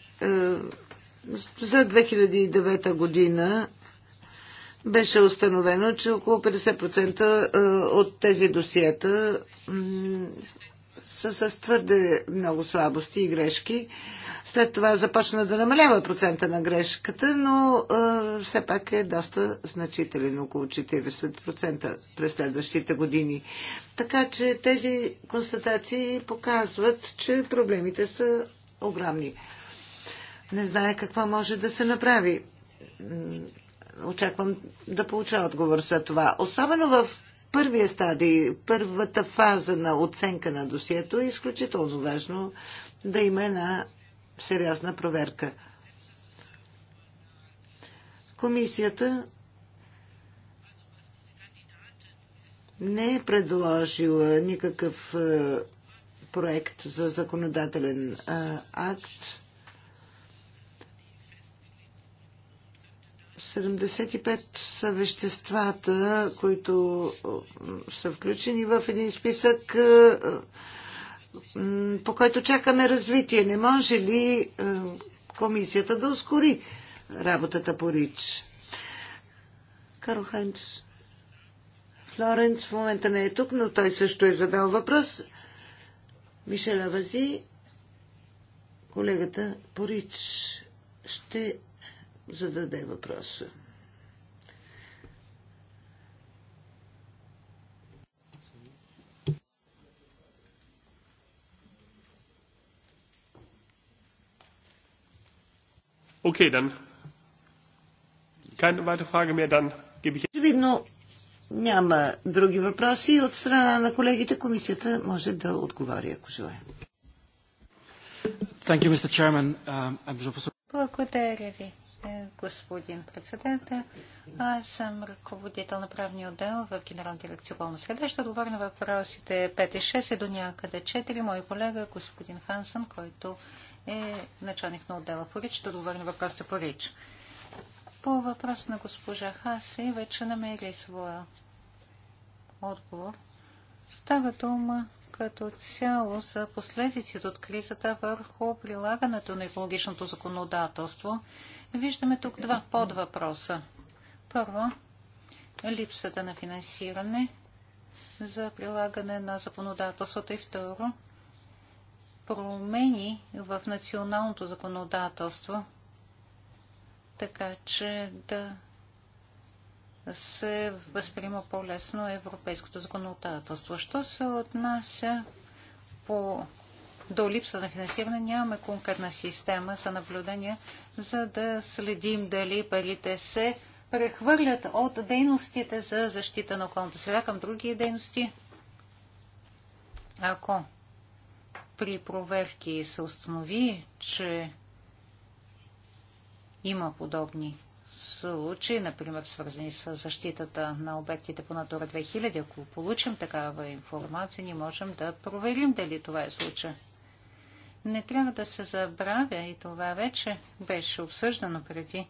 за 2009 година беше установено, че около 50% от тези досиета с твърде много слабости и грешки. След това започна да намалява процента на грешката, но е, все пак е доста значителен, около 40% през следващите години. Така че тези констатации показват, че проблемите са огромни. Не знае какво може да се направи очаквам да получа отговор за това. Особено в първия стадий, първата фаза на оценка на досието е изключително важно да има една сериозна проверка. Комисията не е предложила никакъв е, проект за законодателен е, акт 75 са веществата, които са включени в един списък, е, е, по който чакаме развитие. Не може ли е, комисията да ускори работата по РИЧ? Карл Хайнц. Флоренц в момента не е тук, но той също е задал въпрос. Мишеля Вази, колегата Порич, ще зададе въпроса. Okay, dann keine weitere Frage mehr, dann gebe ich... Очевидно няма други въпроси. От страна на колегите комисията може да отговори, ако желая. Thank you, Mr. Chairman. Uh, Благодаря ви, е, господин председател. Аз съм ръководител на правния отдел в Генерална дирекция околна среда. Ще отговоря на въпросите 5 и 6 и до някъде 4. Мой колега, господин Хансън, който е началник на отдела по РИЧ, ще отговоря на въпросите по РИЧ. По въпрос на госпожа Хаси вече намери своя отговор. Става дума като цяло за последиците от кризата върху прилагането на екологичното законодателство – Виждаме тук два подвъпроса. Първо, липсата на финансиране за прилагане на законодателството и второ, промени в националното законодателство, така че да се възприема по-лесно европейското законодателство. Що се отнася по до липса на финансиране нямаме конкретна система за наблюдение, за да следим дали парите се прехвърлят от дейностите за защита на околната среда към други дейности. Ако при проверки се установи, че има подобни случаи, например свързани с защитата на обектите по Натура 2000, ако получим такава информация, ние можем да проверим дали това е случай. Не трябва да се забравя, и това вече беше обсъждано преди,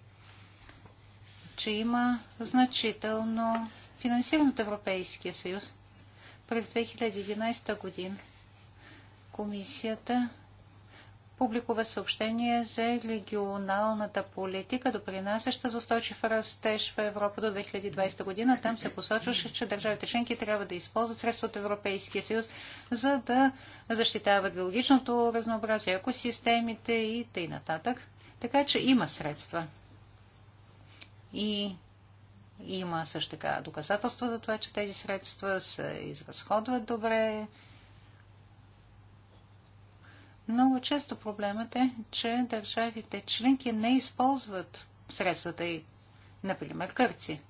че има значително финансиране от Европейския съюз. През 2011 година комисията публикува съобщение за регионалната политика, допринасяща за устойчив растеж в Европа до 2020 година. Там се посочваше, че държавите членки трябва да използват средства от Европейския съюз, за да защитават биологичното разнообразие, екосистемите и т.н. Така че има средства. И има също така доказателства за това, че тези средства се изразходват добре, много често проблемът е, че държавите членки не използват средствата и, например, Гърци.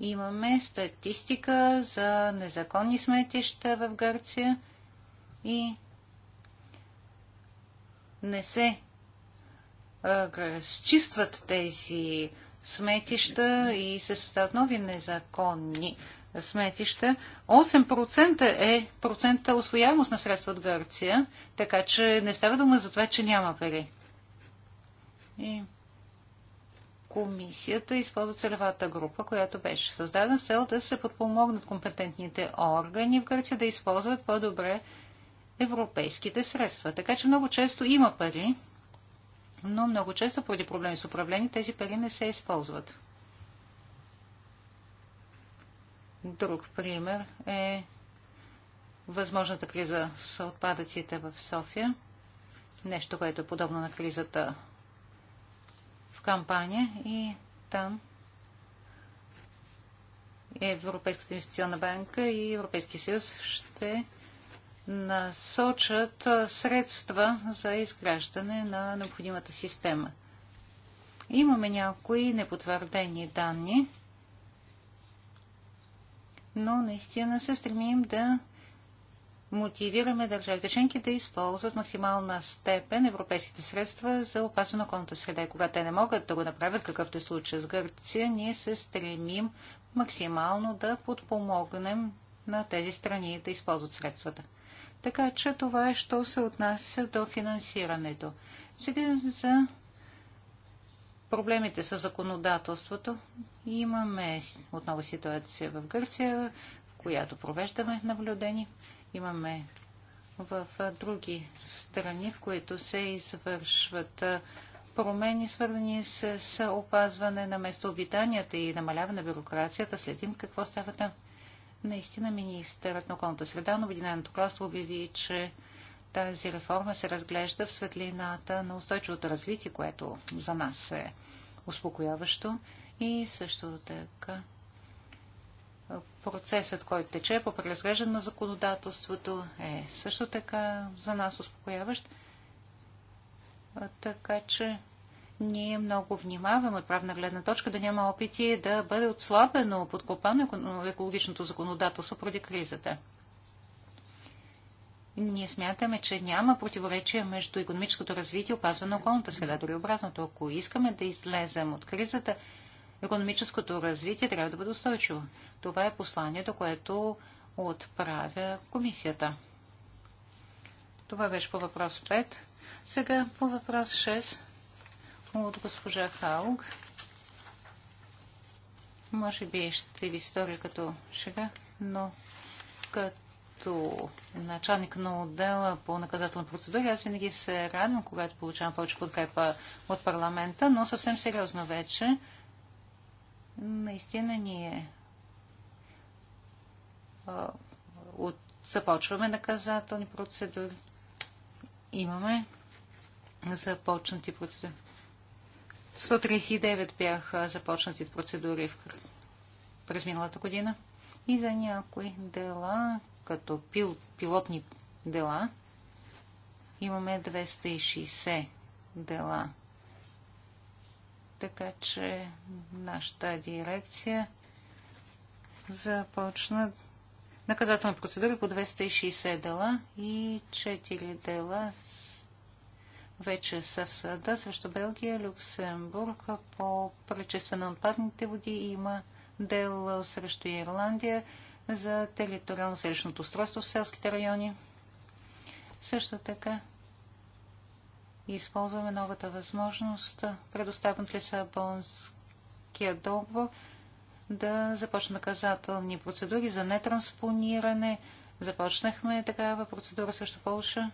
Имаме статистика за незаконни сметища в Гърция и не се разчистват тези сметища и се създават нови незаконни сметища. 8% е процента освояемост на средства от Гърция, така че не става дума за това, че няма пари. И комисията използва целевата група, която беше създадена с цел да се подпомогнат компетентните органи в Гърция да използват по-добре европейските средства. Така че много често има пари, но много често поради проблеми с управление тези пари не се използват. Друг пример е възможната криза с отпадъците в София. Нещо, което е подобно на кризата в кампания и там Европейската инвестиционна банка и Европейския съюз ще насочат средства за изграждане на необходимата система. Имаме някои непотвърдени данни но наистина се стремим да мотивираме държавите членки да използват максимална степен европейските средства за опазване на околната среда. И когато те не могат да го направят, какъвто е случай с Гърция, ние се стремим максимално да подпомогнем на тези страни да използват средствата. Така че това е, що се отнася до финансирането. Сега за проблемите с законодателството. Имаме отново ситуация в Гърция, в която провеждаме наблюдение. Имаме в други страни, в които се извършват промени, свързани с, с опазване на местообитанията и намаляване на бюрокрацията. Следим какво става там. Наистина министърът на околната среда на Обединеното кралство обяви, че тази реформа се разглежда в светлината на устойчивото развитие, което за нас е успокояващо и също така процесът, който тече по преразглеждане на законодателството е също така за нас успокояващ. Така че ние много внимаваме от правна гледна точка да няма опити да бъде отслабено, подкопано екологичното законодателство преди кризата ние смятаме, че няма противоречие между економическото развитие и опазване на околната среда. Дори обратното, ако искаме да излезем от кризата, економическото развитие трябва да бъде устойчиво. Това е посланието, което отправя комисията. Това беше по въпрос 5. Сега по въпрос 6 от госпожа Хауг. Може би ще ви стори като шега, но като като началник на отдела по наказателна процедура, аз винаги се радвам, когато получавам повече подкрепа от парламента, но съвсем сериозно вече. Наистина ние от, започваме наказателни процедури. Имаме започнати процедури. 139 бяха започнати процедури в, през миналата година и за някои дела, като пил, пилотни дела, имаме 260 дела. Така че нашата дирекция започна наказателна процедура по 260 дела и 4 дела вече са в съда срещу Белгия, Люксембург по пречистване на отпадните води има дело срещу Ирландия, за териториално селищното устройство в селските райони. Също така използваме новата възможност, предоставен са Бонския договор, да започнем наказателни процедури за нетранспониране. Започнахме такава процедура срещу Полша.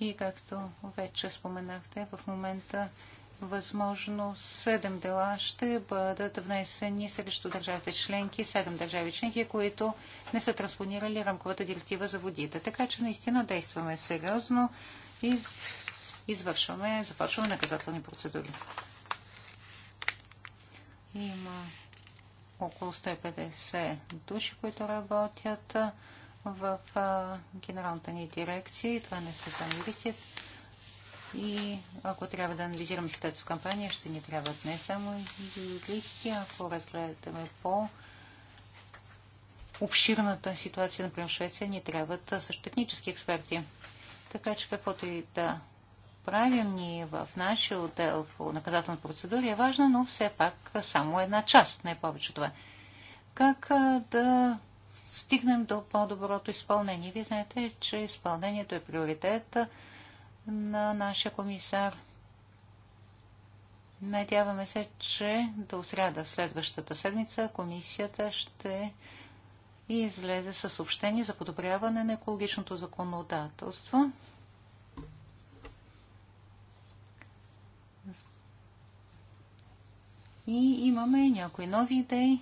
И както вече споменахте, в момента възможно 7 дела ще бъдат внесени срещу държавите членки, 7 държави членки, които не са транспонирали рамковата директива за водите. Така че наистина действаме сериозно и извършваме, започваме наказателни процедури. Има около 150 души, които работят в генералната ни дирекция. Това не са само юристи, и ако трябва да анализираме ситуацията в кампания, ще ни трябват не само юристи, ако разгледаме по обширната ситуация, например в Швеция, ни трябват също технически експерти. Така че каквото и да правим ние в нашия отдел по наказателна процедура е важна, но все пак само една част, не повече това. Как да стигнем до по-доброто изпълнение? Вие знаете, че изпълнението е приоритет на нашия комисар. Надяваме се, че до сряда следващата седмица комисията ще излезе със съобщение за подобряване на екологичното законодателство. И имаме някои нови идеи,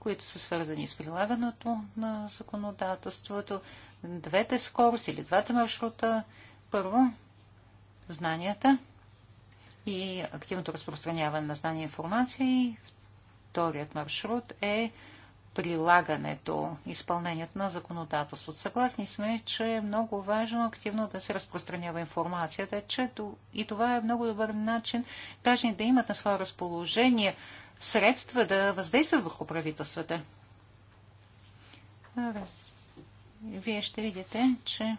които са свързани с прилагането на законодателството. Двете скорости или двата маршрута първо, знанията и активното разпространяване на знания и информация. И вторият маршрут е прилагането, изпълнението на законодателството. Съгласни сме, че е много важно активно да се разпространява информацията, че и това е много добър начин граждани да имат на свое разположение средства да въздействат върху правителствата. Вие ще видите, че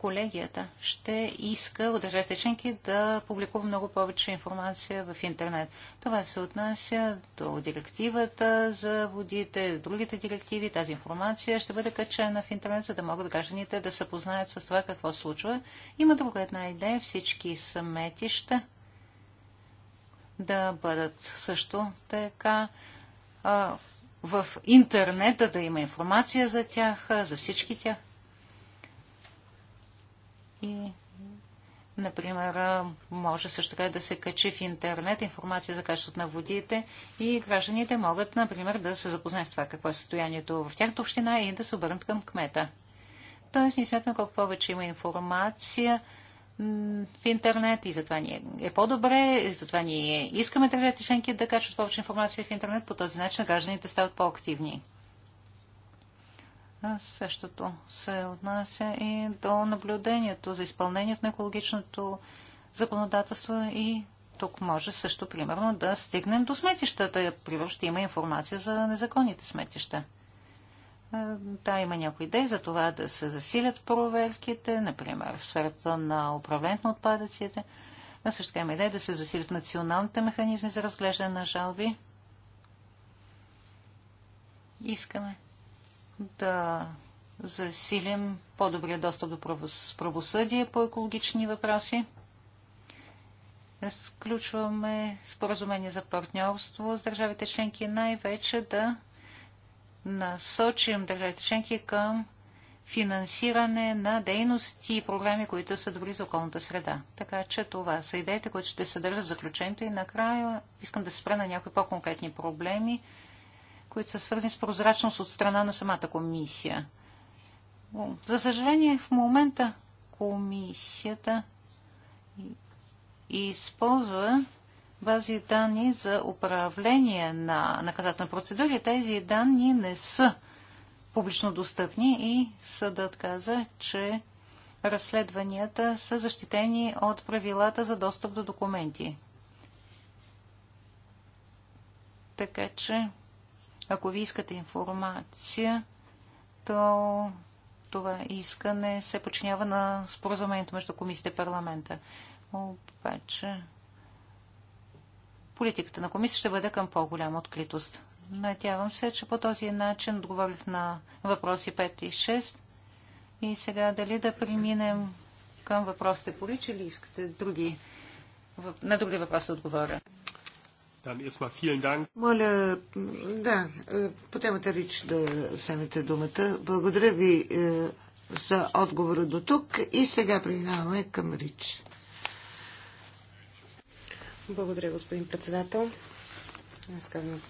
колегията ще иска от държавите членки да публикува много повече информация в интернет. Това се отнася до директивата за водите, другите директиви. Тази информация ще бъде качена в интернет, за да могат гражданите да се познаят с това какво случва. Има друга една идея. Всички съметища да бъдат също така в интернета да има информация за тях, за всички тях. И, например, може също така да се качи в интернет информация за качеството на водите и гражданите могат, например, да се запознаят с това какво е състоянието в тяхната община и да се обърнат към кмета. Тоест, ние смятаме колко повече има информация, в интернет и затова ни е по-добре, и затова ние искаме държавите членки да качват повече информация в интернет, по този начин гражданите стават по-активни. Същото се отнася и до наблюдението за изпълнението на екологичното законодателство и тук може също, примерно, да стигнем до сметищата. Примерно ще има информация за незаконните сметища. Е, да, има някои идеи за това да се засилят проверките, например, в сферата на управлението на отпадъците. А също така има идея да се засилят националните механизми за разглеждане на жалби. Искаме да засилим по-добрия достъп до правосъдие по екологични въпроси. Сключваме споразумение за партньорство с държавите членки най-вече да насочим държавите членки към финансиране на дейности и програми, които са добри за околната среда. Така че това са идеите, които ще съдържат в заключението и накрая искам да се спра на някои по-конкретни проблеми, които са свързани с прозрачност от страна на самата комисия. За съжаление, в момента комисията използва бази данни за управление на наказателна процедури. Тези данни не са публично достъпни и съдът каза, че разследванията са защитени от правилата за достъп до документи. Така че ако ви искате информация, то това искане се починява на споразумението между комисията и парламента. Обаче политиката на комисията ще бъде към по-голяма откритост. Надявам се, че по този начин отговорих на въпроси 5 и 6. И сега дали да преминем към въпросите по лич или искате други, на други въпроси да отговоря? Моля, да, е, по темата Рич да вземете думата. Благодаря ви е, за отговора до тук и сега преминаваме към Рич. Благодаря, господин председател. Аз казвам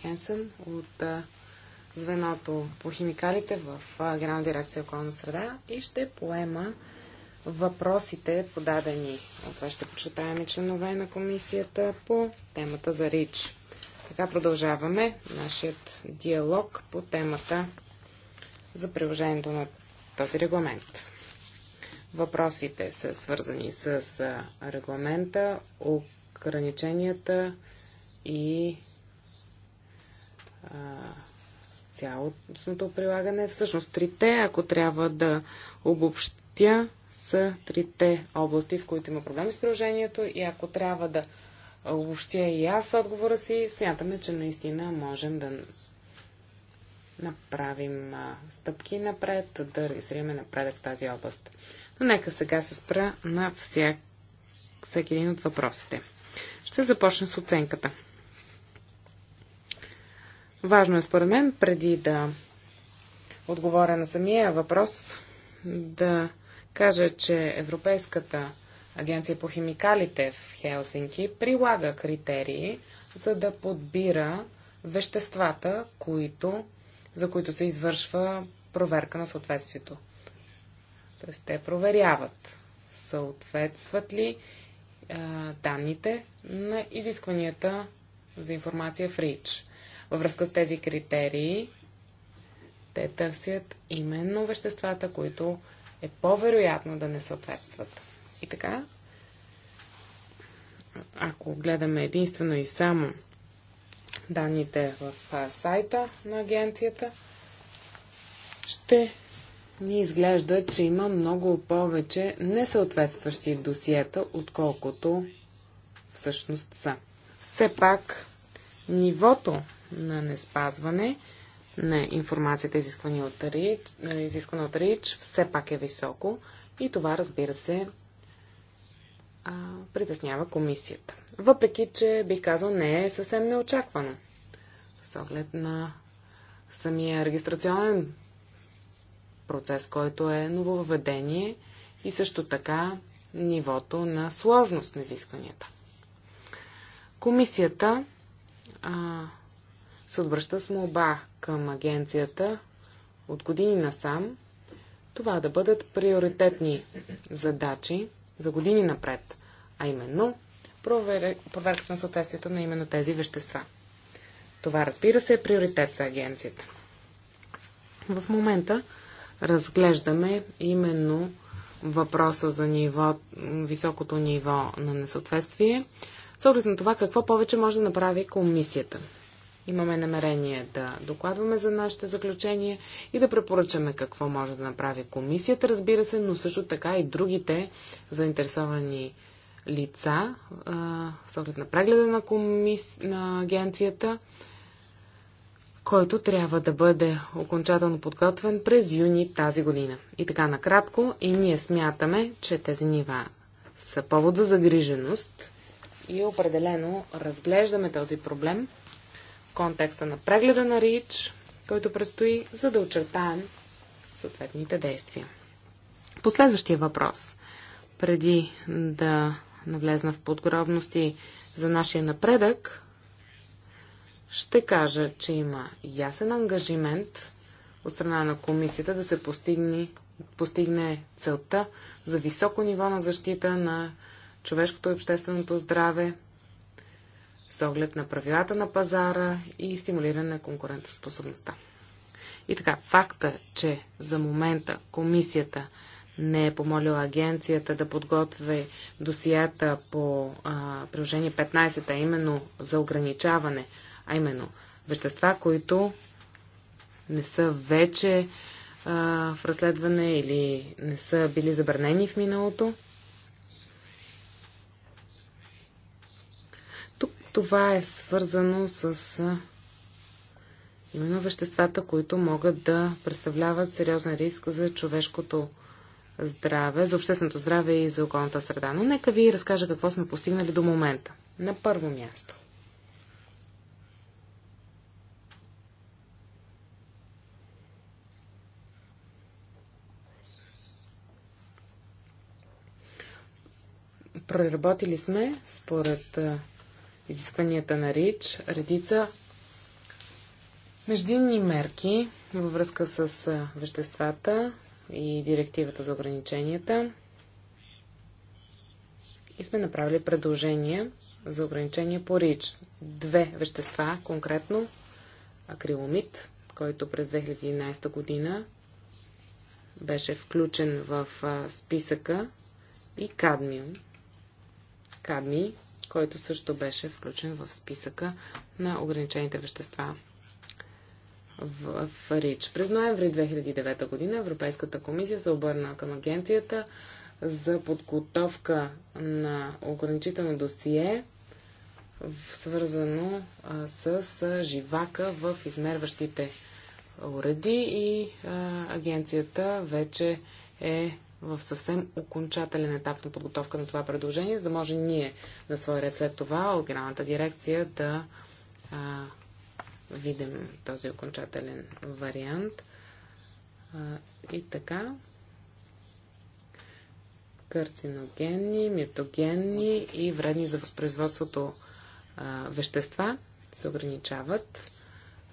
Хенсен от е, звеното по химикалите в Генерална дирекция околна среда и ще поема въпросите, подадени от вашите почитаеми членове на комисията по темата за РИЧ. Така продължаваме нашият диалог по темата за приложението на този регламент. Въпросите са свързани с регламента, ограниченията и цялостното прилагане. Всъщност трите, ако трябва да обобщя, са трите области, в които има проблеми с приложението и ако трябва да обобщя и аз отговора си, смятаме, че наистина можем да направим стъпки напред, да регистрираме напредък в тази област. Но нека сега се спра на всяк, всеки един от въпросите. Ще започна с оценката. Важно е според мен, преди да отговоря на самия въпрос, да кажа, че Европейската агенция по химикалите в Хелсинки прилага критерии, за да подбира веществата, които, за които се извършва проверка на съответствието. Тоест те проверяват съответстват ли а, данните на изискванията за информация в РИЧ. Във връзка с тези критерии, те търсят именно веществата, които е по-вероятно да не съответстват. И така, ако гледаме единствено и само данните в сайта на агенцията, ще ни изглежда, че има много повече несъответстващи досиета, отколкото всъщност са. Все пак, нивото на неспазване на информацията, е, изисквана от, РИЧ, все пак е високо и това, разбира се, притеснява комисията. Въпреки, че бих казал, не е съвсем неочаквано. С оглед на самия регистрационен процес, който е нововведение и също така нивото на сложност на изискванията. Комисията а, се отвръща с молба към агенцията от години насам това да бъдат приоритетни задачи за години напред, а именно проверката на съответствието на именно тези вещества. Това, разбира се, е приоритет за агенцията. В момента разглеждаме именно въпроса за ниво, високото ниво на несъответствие, съответно това какво повече може да направи комисията. Имаме намерение да докладваме за нашите заключения и да препоръчаме какво може да направи комисията, разбира се, но също така и другите заинтересовани лица, с оглед на прегледа на, коми... на агенцията, който трябва да бъде окончателно подготвен през юни тази година. И така накратко, и ние смятаме, че тези нива са повод за загриженост и определено разглеждаме този проблем контекста на прегледа на РИЧ, който предстои, за да очертаем съответните действия. Последващия въпрос, преди да навлезна в подробности за нашия напредък, ще кажа, че има ясен ангажимент от страна на комисията да се постигне, постигне целта за високо ниво на защита на човешкото и общественото здраве с оглед на правилата на пазара и стимулиране на конкурентоспособността. И така, факта, че за момента комисията не е помолила агенцията да подготви досията по а, приложение 15, а именно за ограничаване, а именно вещества, които не са вече а, в разследване или не са били забранени в миналото, Това е свързано с именно веществата, които могат да представляват сериозен риск за човешкото здраве, за общественото здраве и за околната среда. Но нека ви разкажа какво сме постигнали до момента. На първо място. Преработили сме според изискванията на РИЧ, редица междинни мерки във връзка с веществата и директивата за ограниченията. И сме направили предложение за ограничение по РИЧ. Две вещества конкретно. акриломит, който през 2011 година беше включен в списъка и кадмиум. Кадмий, който също беше включен в списъка на ограничените вещества в, в РИЧ. През ноември 2009 година Европейската комисия се обърна към агенцията за подготовка на ограничително досие, свързано а, с а, живака в измерващите уреди и а, агенцията вече е в съвсем окончателен етап на подготовка на това предложение, за да може ние на свой ред след това от Генералната дирекция да а, видим този окончателен вариант. А, и така, карциногенни, метогенни и вредни за възпроизводството а, вещества се ограничават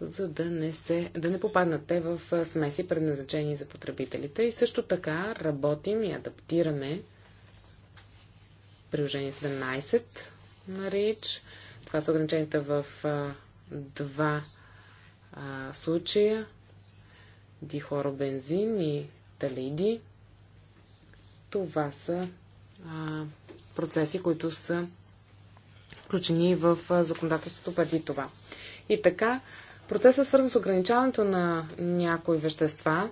за да не, се, да не попаднат те в смеси, предназначени за потребителите. И също така работим и адаптираме приложение 17 на РИЧ. Това са ограниченията в а, два а, случая. Дихоробензин и талиди. Това са а, процеси, които са включени в законодателството преди това. И така, Процесът свързан с ограничаването на някои вещества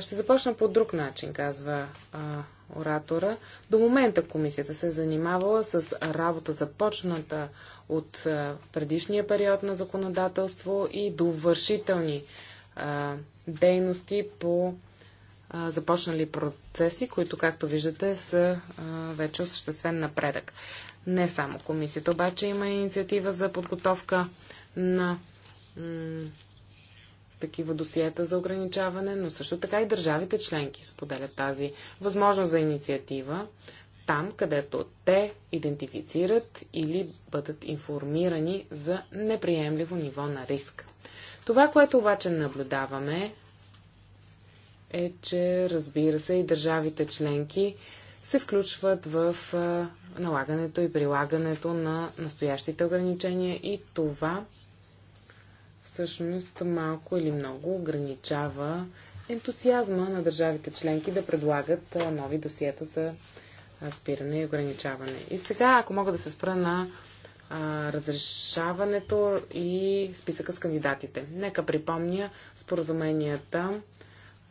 Ще започна по друг начин, казва а, оратора. До момента комисията се е занимавала с работа започната от а, предишния период на законодателство и довършителни а, дейности по а, започнали процеси, които, както виждате, са а, вече осъществен напредък. Не само комисията, обаче има инициатива за подготовка на такива досиета за ограничаване, но също така и държавите членки споделят тази възможност за инициатива там, където те идентифицират или бъдат информирани за неприемливо ниво на риск. Това, което обаче наблюдаваме, е, че разбира се и държавите членки се включват в налагането и прилагането на настоящите ограничения и това всъщност малко или много ограничава ентусиазма на държавите членки да предлагат нови досиета за спиране и ограничаване. И сега, ако мога да се спра на а, разрешаването и списъка с кандидатите. Нека припомня споразуменията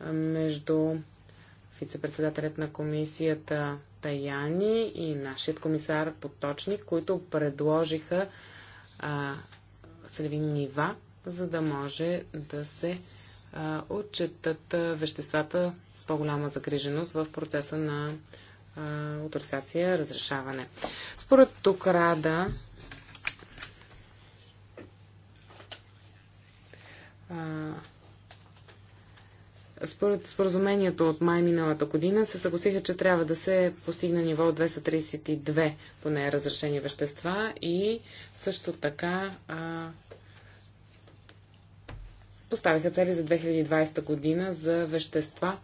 между вице-председателят на комисията Таяни и нашият комисар Поточник, които предложиха целеви нива, за да може да се а, отчетат а, веществата с по-голяма загриженост в процеса на отрицация, разрешаване. Според тук Рада а, според споразумението от май миналата година се съгласиха, че трябва да се постигне ниво от 232 поне разрешени вещества и също така а, поставиха цели за 2020 година за вещества,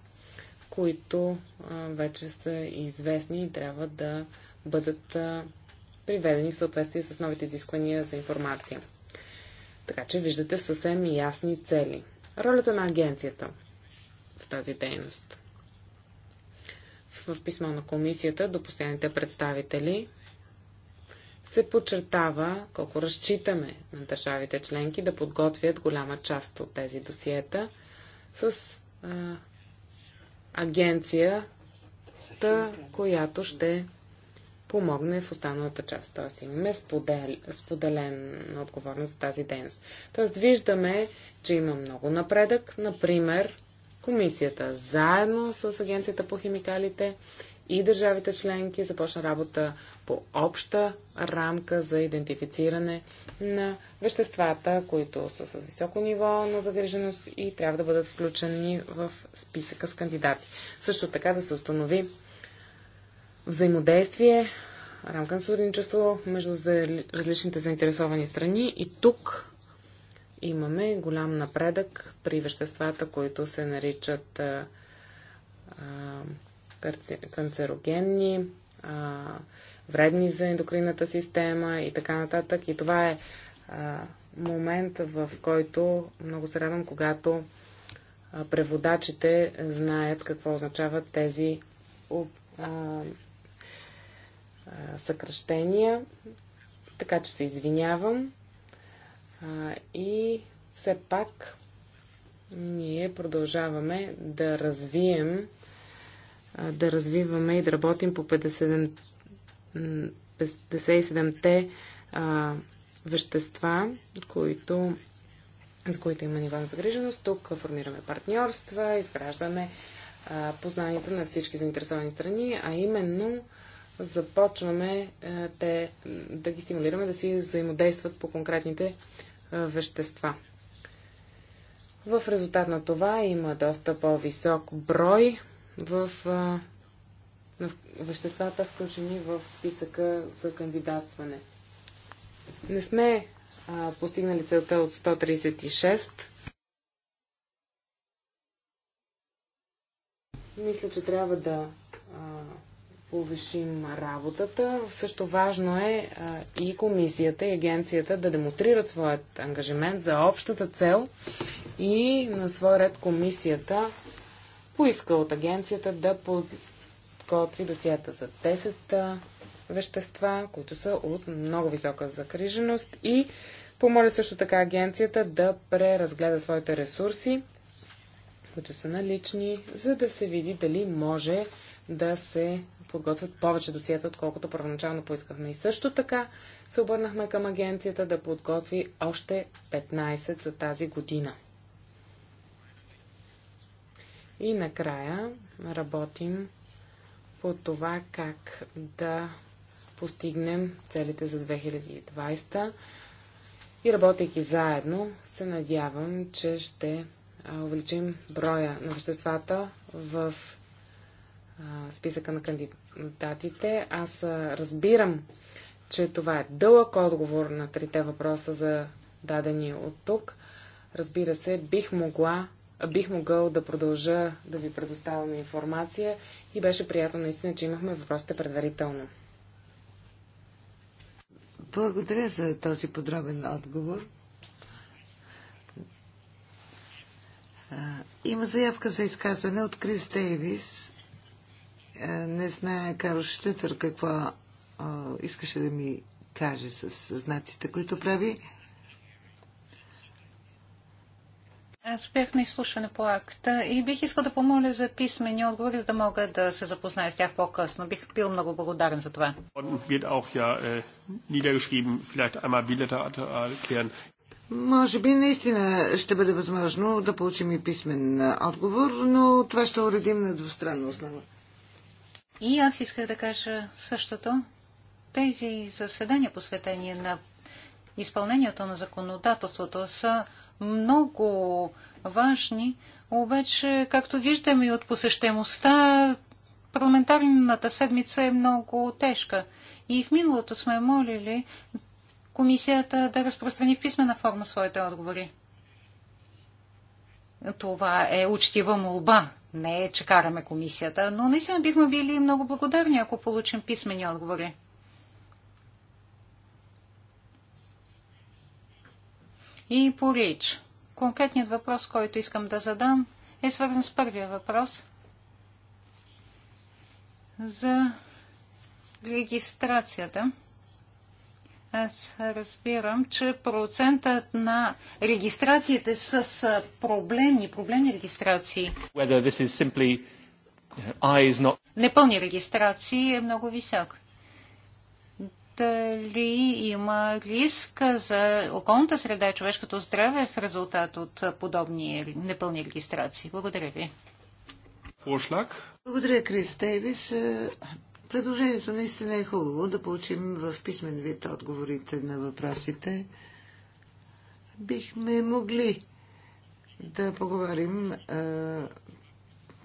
които а, вече са известни и трябва да бъдат а, приведени в съответствие с новите изисквания за информация. Така че виждате съвсем ясни цели. Ролята на агенцията – в тази дейност. В писмо на комисията до постоянните представители се подчертава колко разчитаме на държавите членки да подготвят голяма част от тези досиета с а, агенцията, която ще помогне в останалата част. Тоест имаме сподел, споделен на отговорност за тази дейност. Тоест виждаме, че има много напредък. Например, Комисията заедно с Агенцията по химикалите и държавите членки започна работа по обща рамка за идентифициране на веществата, които са с високо ниво на загриженост и трябва да бъдат включени в списъка с кандидати. Също така да се установи взаимодействие, рамка на сътрудничество между различните заинтересовани страни и тук имаме голям напредък при веществата, които се наричат а, канцерогенни, а, вредни за ендокринната система и така нататък. И това е а, момент, в който много се радвам, когато преводачите знаят какво означават тези а, съкръщения. Така че се извинявам. А, и все пак ние продължаваме да развием, а, да развиваме и да работим по 57, те а, вещества, които за които има ниво на загриженост. Тук формираме партньорства, изграждаме а, познанията на всички заинтересовани страни, а именно започваме а, те да ги стимулираме да си взаимодействат по конкретните вещества. В резултат на това има доста по-висок брой в, в веществата, включени в списъка за кандидатстване. Не сме а, постигнали целта от 136. Мисля, че трябва да а, повишим работата. Също важно е а, и комисията, и агенцията да демонстрират своят ангажимент за общата цел и на свой ред комисията поиска от агенцията да подготви досията за 10 вещества, които са от много висока закриженост и помоля също така агенцията да преразгледа своите ресурси, които са налични, за да се види дали може да се подготвят повече досиета, отколкото първоначално поискахме. И също така се обърнахме към агенцията да подготви още 15 за тази година. И накрая работим по това как да постигнем целите за 2020 и работейки заедно, се надявам, че ще увеличим броя на веществата в списъка на кандидатите. Аз разбирам, че това е дълъг отговор на трите въпроса за дадени от тук. Разбира се, бих могла бих могъл да продължа да ви предоставям информация и беше приятно наистина, че имахме въпросите предварително. Благодаря за този подробен отговор. Има заявка за изказване от Крис Дейвис е, не знае Карл Штетър какво е, искаше да ми каже с знаците, които прави. Аз бях на изслушване по акта и бих искал да помоля за писмени отговори, за да мога да се запозная с тях по-късно. Бих бил много благодарен за това. Е, Може би наистина ще бъде възможно да получим и писмен отговор, но това ще уредим на двустранна основа. И аз исках да кажа същото. Тези заседания, посветени на изпълнението на законодателството, са много важни, обаче, както виждаме и от посещемостта, парламентарната седмица е много тежка. И в миналото сме молили комисията да разпространи в писмена форма своите отговори. Това е учтива молба не е, че караме комисията, но наистина бихме били много благодарни, ако получим писмени отговори. И по Рич. Конкретният въпрос, който искам да задам, е свързан с първия въпрос за регистрацията. Аз разбирам, че процентът на регистрациите с проблемни, проблемни регистрации, not... непълни регистрации е много висок. Дали има риск за околната среда и човешкото здраве в резултат от подобни непълни регистрации? Благодаря ви. Благодаря, Крис Дейвис. Предложението наистина е хубаво да получим в писмен вид отговорите на въпросите. Бихме могли да поговорим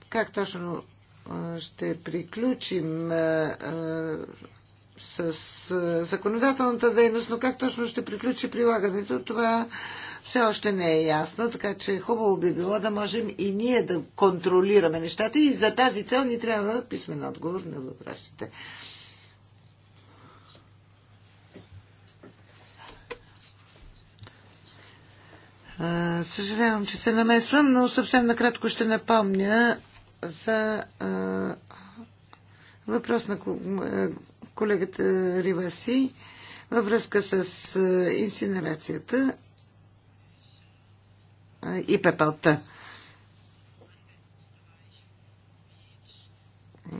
как точно ще приключим с законодателната дейност, но как точно ще приключи прилагането, това все още не е ясно, така че хубаво би било да можем и ние да контролираме нещата и за тази цел ни трябва писмен отговор на въпросите. Съжалявам, че се намесвам, но съвсем накратко ще напомня за а, въпрос на колегата Риваси във връзка с инсинерацията и пепелта.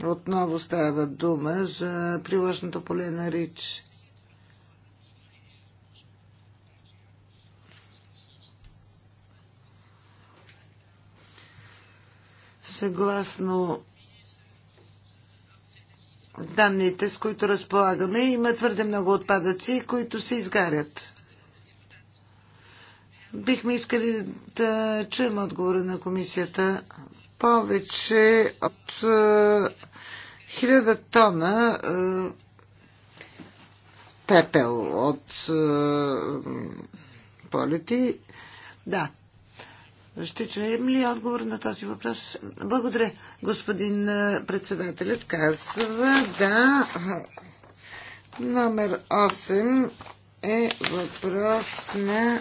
Отново става дума за приложното поле на Рич. Съгласно данните, с които разполагаме, има твърде много отпадъци, които се изгарят. Бихме искали да чуем отговора на комисията. Повече от е, хиляда тона е, пепел от е, полети. Да. Ще чуем ли отговор на този въпрос? Благодаря. Господин председателят казва да. Номер 8 е въпрос на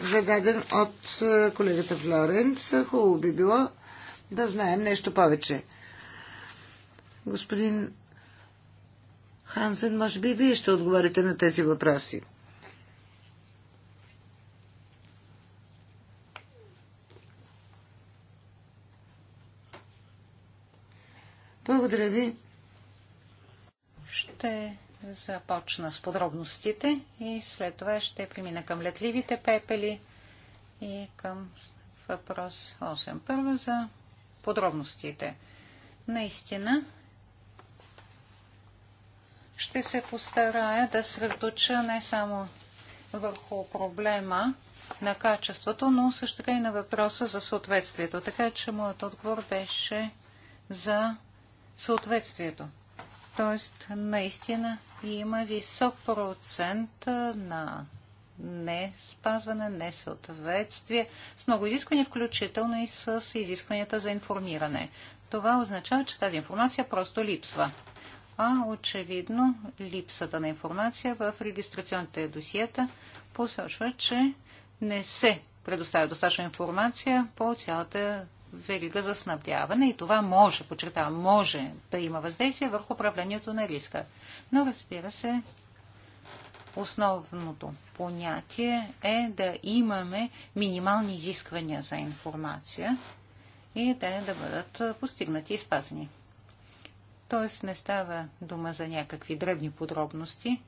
зададен от е, колегата Флоренц. Хубаво би било да знаем нещо повече. Господин Хансен, може би вие ще отговорите на тези въпроси. Благодаря ви. Ще започна с подробностите и след това ще премина към летливите пепели и към въпрос 8. Първа за подробностите. Наистина, ще се постарая да средоча не само върху проблема на качеството, но също така и на въпроса за съответствието. Така че моят отговор беше за съответствието. Тоест, наистина има висок процент на не спазване, не съответствие с много изисквания, включително и с изискванията за информиране. Това означава, че тази информация просто липсва. А очевидно липсата на информация в регистрационните досиета посочва, че не се предоставя достатъчно информация по цялата верига за снабдяване и това може, подчертавам, може да има въздействие върху управлението на риска. Но разбира се, основното понятие е да имаме минимални изисквания за информация и те да бъдат постигнати и спазени. Тоест не става дума за някакви дребни подробности,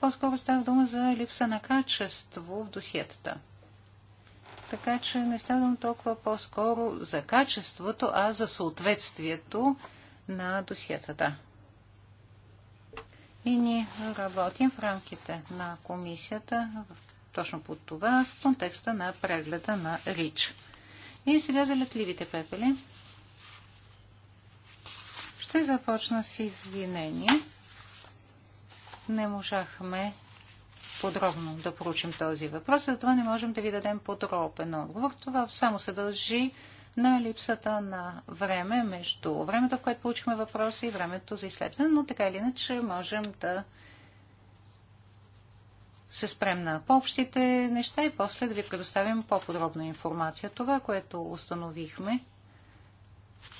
по-скоро става дума за липса на качество в досиетата. Така че не става дума толкова по-скоро за качеството, а за съответствието на досиетата. И ние работим в рамките на комисията точно под това в контекста на прегледа на РИЧ. И сега за летливите пепели. Ще започна с извинение. Не можахме подробно да проучим този въпрос, затова не можем да ви дадем подробен отговор. Това само се дължи на липсата на време между времето, в което получихме въпроса и времето за изследване, но така или иначе можем да се спрем на по-общите неща и после да ви предоставим по-подробна информация. Това, което установихме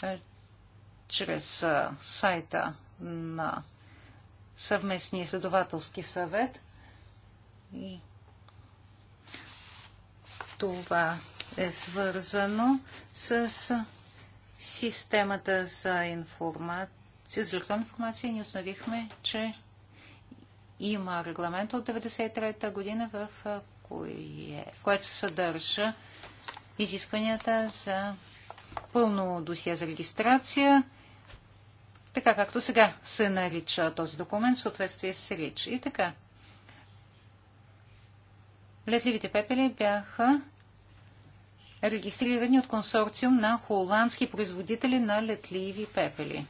е, чрез сайта на съвместния изследователски съвет и това е свързано с системата за информация, за електронна информация. Ние установихме, че има регламент от 1993 година, в, кое, което се съдържа изискванията за пълно досие за регистрация, така както сега се нарича този документ в съответствие с РИЧ. И така. Летливите пепели бяха регистрирани от консорциум на холандски производители на летливи пепели.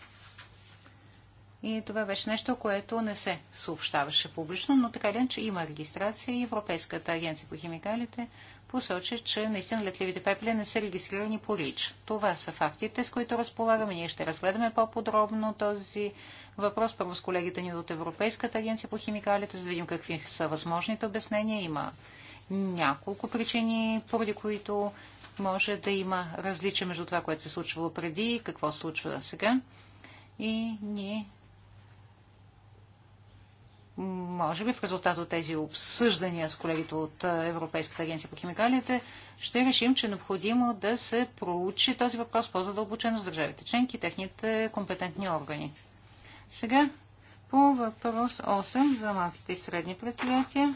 И това беше нещо, което не се съобщаваше публично, но така ден, че има регистрация и Европейската агенция по химикалите посочи, че наистина летливите пепели не са регистрирани по РИЧ. Това са фактите, с които разполагаме. Ние ще разгледаме по-подробно този въпрос. Първо с колегите ни от Европейската агенция по химикалите, за да видим какви са възможните обяснения. Има няколко причини, поради които може да има различия между това, което се случвало преди и какво се случва сега. И ние може би в резултат от тези обсъждания с колегите от Европейската агенция по химикалите, ще решим, че е необходимо да се проучи този въпрос по-задълбочено с държавите членки и техните компетентни органи. Сега по въпрос 8 за малките и средни предприятия.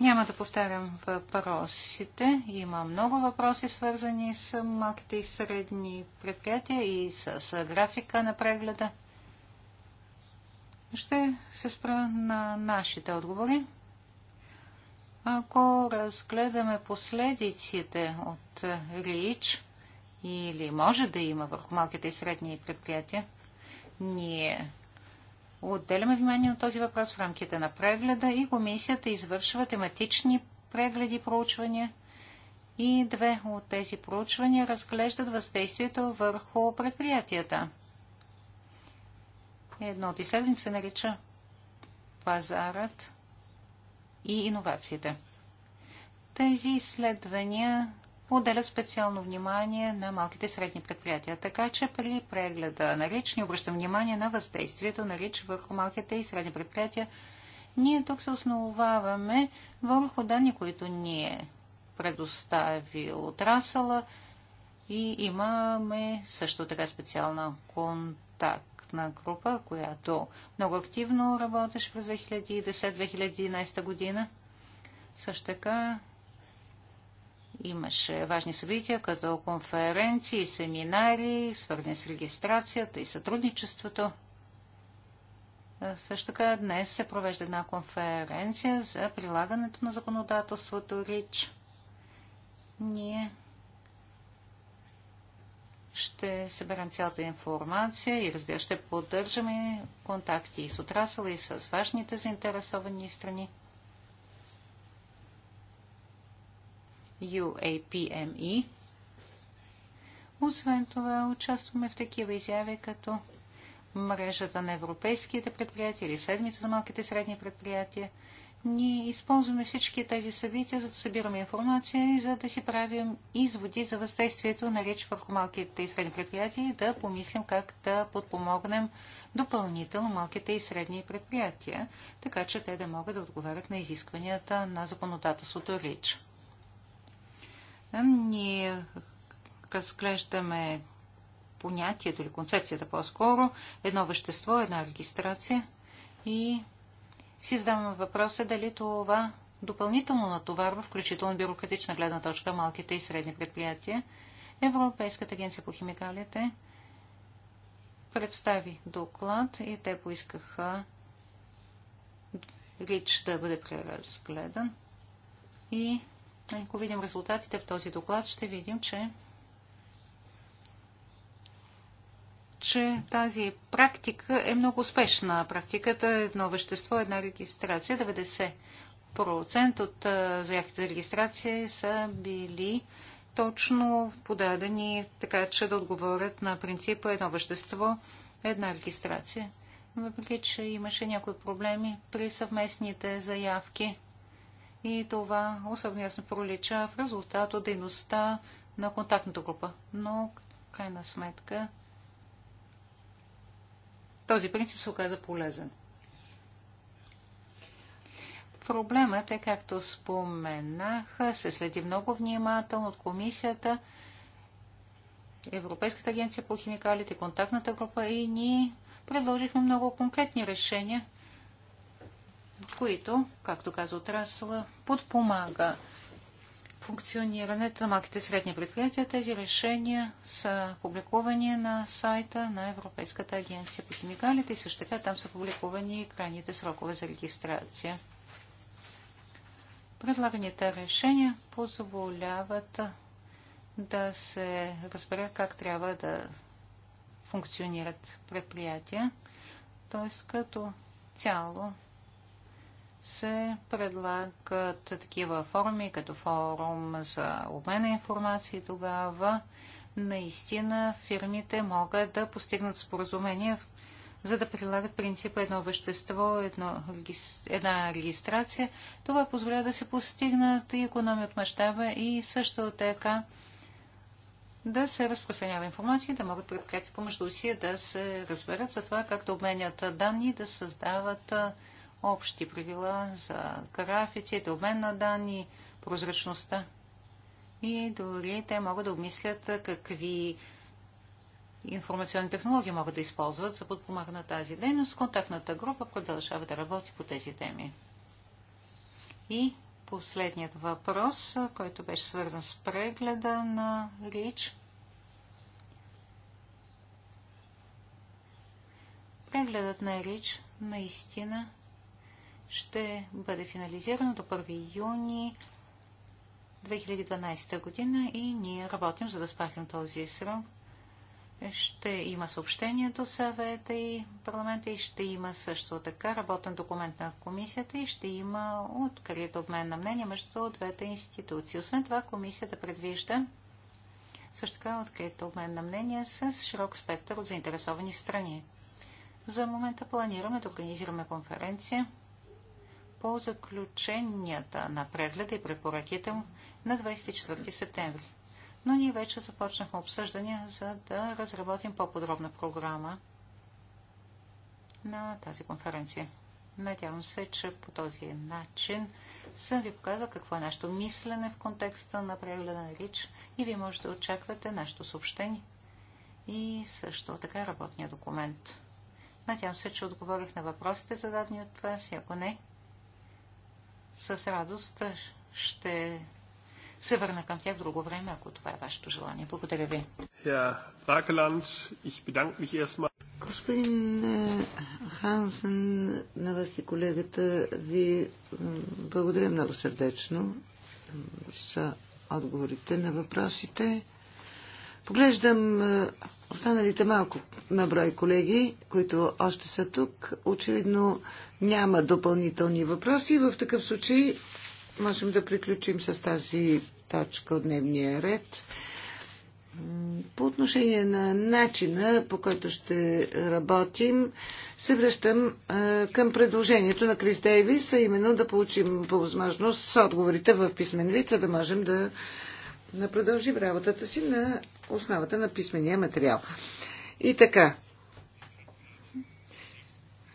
Няма да повтарям въпросите. Има много въпроси, свързани с малките и средни предприятия и с графика на прегледа. Ще се спра на нашите отговори. Ако разгледаме последиците от РИЧ, или може да има върху малките и средни предприятия, ние отделяме внимание на този въпрос в рамките на прегледа и комисията извършва тематични прегледи и проучвания. И две от тези проучвания разглеждат въздействието върху предприятията. Едно от изследвания се нарича пазарът и иновациите. Тези изследвания отделят специално внимание на малките и средни предприятия. Така че при прегледа на РИЧ ни обръщам внимание на въздействието на РИЧ върху малките и средни предприятия. Ние тук се основаваме върху данни, които ни е предоставил отрасъла и имаме също така специална контактна група, която много активно работеше през 2010-2011 година. Също така Имаше важни събития, като конференции, семинари, свързани с регистрацията и сътрудничеството. Също така днес се провежда една конференция за прилагането на законодателството РИЧ. Ние ще съберем цялата информация и разбира ще поддържаме контакти и с отрасъла, и с важните заинтересовани страни. UAPME. Освен това, участваме в такива изяви, като мрежата на европейските предприятия или седмица на малките и средни предприятия. Ние използваме всички тези събития, за да събираме информация и за да си правим изводи за въздействието на реч върху малките и средни предприятия и да помислим как да подпомогнем допълнително малките и средни предприятия, така че те да могат да отговарят на изискванията на законодателството реч. Ние разглеждаме понятието или концепцията по-скоро, едно вещество, една регистрация и си задаваме въпроса дали това допълнително натоварва, включително бюрократична гледна точка, малките и средни предприятия. Европейската агенция по химикалите представи доклад и те поискаха РИЧ да бъде преразгледан и ако видим резултатите в този доклад, ще видим, че че тази практика е много успешна. Практиката е едно вещество, една регистрация. 90% от заявките за регистрация са били точно подадени, така че да отговорят на принципа едно вещество, една регистрация. Въпреки, че имаше някои проблеми при съвместните заявки – и това особено ясно пролича в резултат от дейността на контактната група. Но, крайна сметка, този принцип се оказа полезен. Проблемът е, както споменах, се следи много внимателно от комисията, Европейската агенция по химикалите, контактната група и ние предложихме много конкретни решения, които, както каза отрасъла, подпомага функционирането на малките и средни предприятия. Тези решения са публикувани на сайта на Европейската агенция по химикалите и също така там са публикувани крайните срокове за регистрация. Предлаганите решения позволяват да се разбере как трябва да функционират предприятия, т.е. като цяло се предлагат такива форуми, като форум за обмен на информация, тогава наистина фирмите могат да постигнат споразумения, за да прилагат принципа едно вещество, едно, една регистрация. Това позволя да се постигнат и економия от мащаба и също така да се разпространява информация, да могат предприятия помежду си да се разберат за това как да обменят данни, да създават общи правила за графиците, обмен на данни, прозрачността. И дори те могат да обмислят какви информационни технологии могат да използват за подпомагане на тази дейност. Контактната група продължава да работи по тези теми. И последният въпрос, който беше свързан с прегледа на РИЧ. Прегледът на РИЧ наистина ще бъде финализирано до 1 юни 2012 година и ние работим, за да спасим този срок. Ще има съобщение до съвета и парламента и ще има също така работен документ на комисията и ще има открит обмен на мнение между двете институции. Освен това, комисията предвижда също така открит обмен на мнение с широк спектър от заинтересовани страни. За момента планираме да организираме конференция по заключенията на прегледа и препоръките му на 24 септември. Но ние вече започнахме обсъждания, за да разработим по-подробна програма на тази конференция. Надявам се, че по този начин съм ви показал какво е нашето мислене в контекста на прегледа на РИЧ и вие можете да очаквате нашето съобщение и също така работния документ. Надявам се, че отговорих на въпросите зададени от вас и ако не, с радост ще се върна към тях друго време, ако това е вашето желание. Благодаря ви. Господин е, Хансен, на вас и колегата ви благодаря много сърдечно за отговорите на въпросите. Поглеждам е, останалите малко на брой колеги, които още са тук. Очевидно няма допълнителни въпроси. В такъв случай можем да приключим с тази точка от дневния ред. По отношение на начина, по който ще работим, се връщам е, към предложението на Крис Дейвис, а именно да получим по възможност отговорите в писмен вид, за да можем да продължим работата си на основата на писмения материал. И така.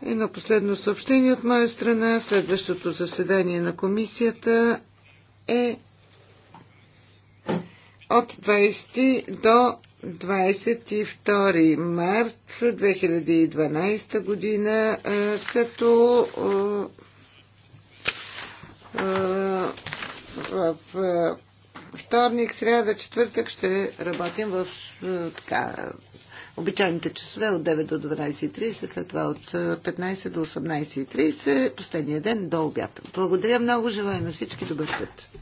Едно последно съобщение от моя страна. Следващото заседание на комисията е от 20 до 22 март 2012 година, като в вторник, среда, четвъртък ще работим в е, така, обичайните часове от 9 до 12.30, след това от 15 е, до 18.30, последния ден до обяд. Благодаря много, желая на всички добър свет.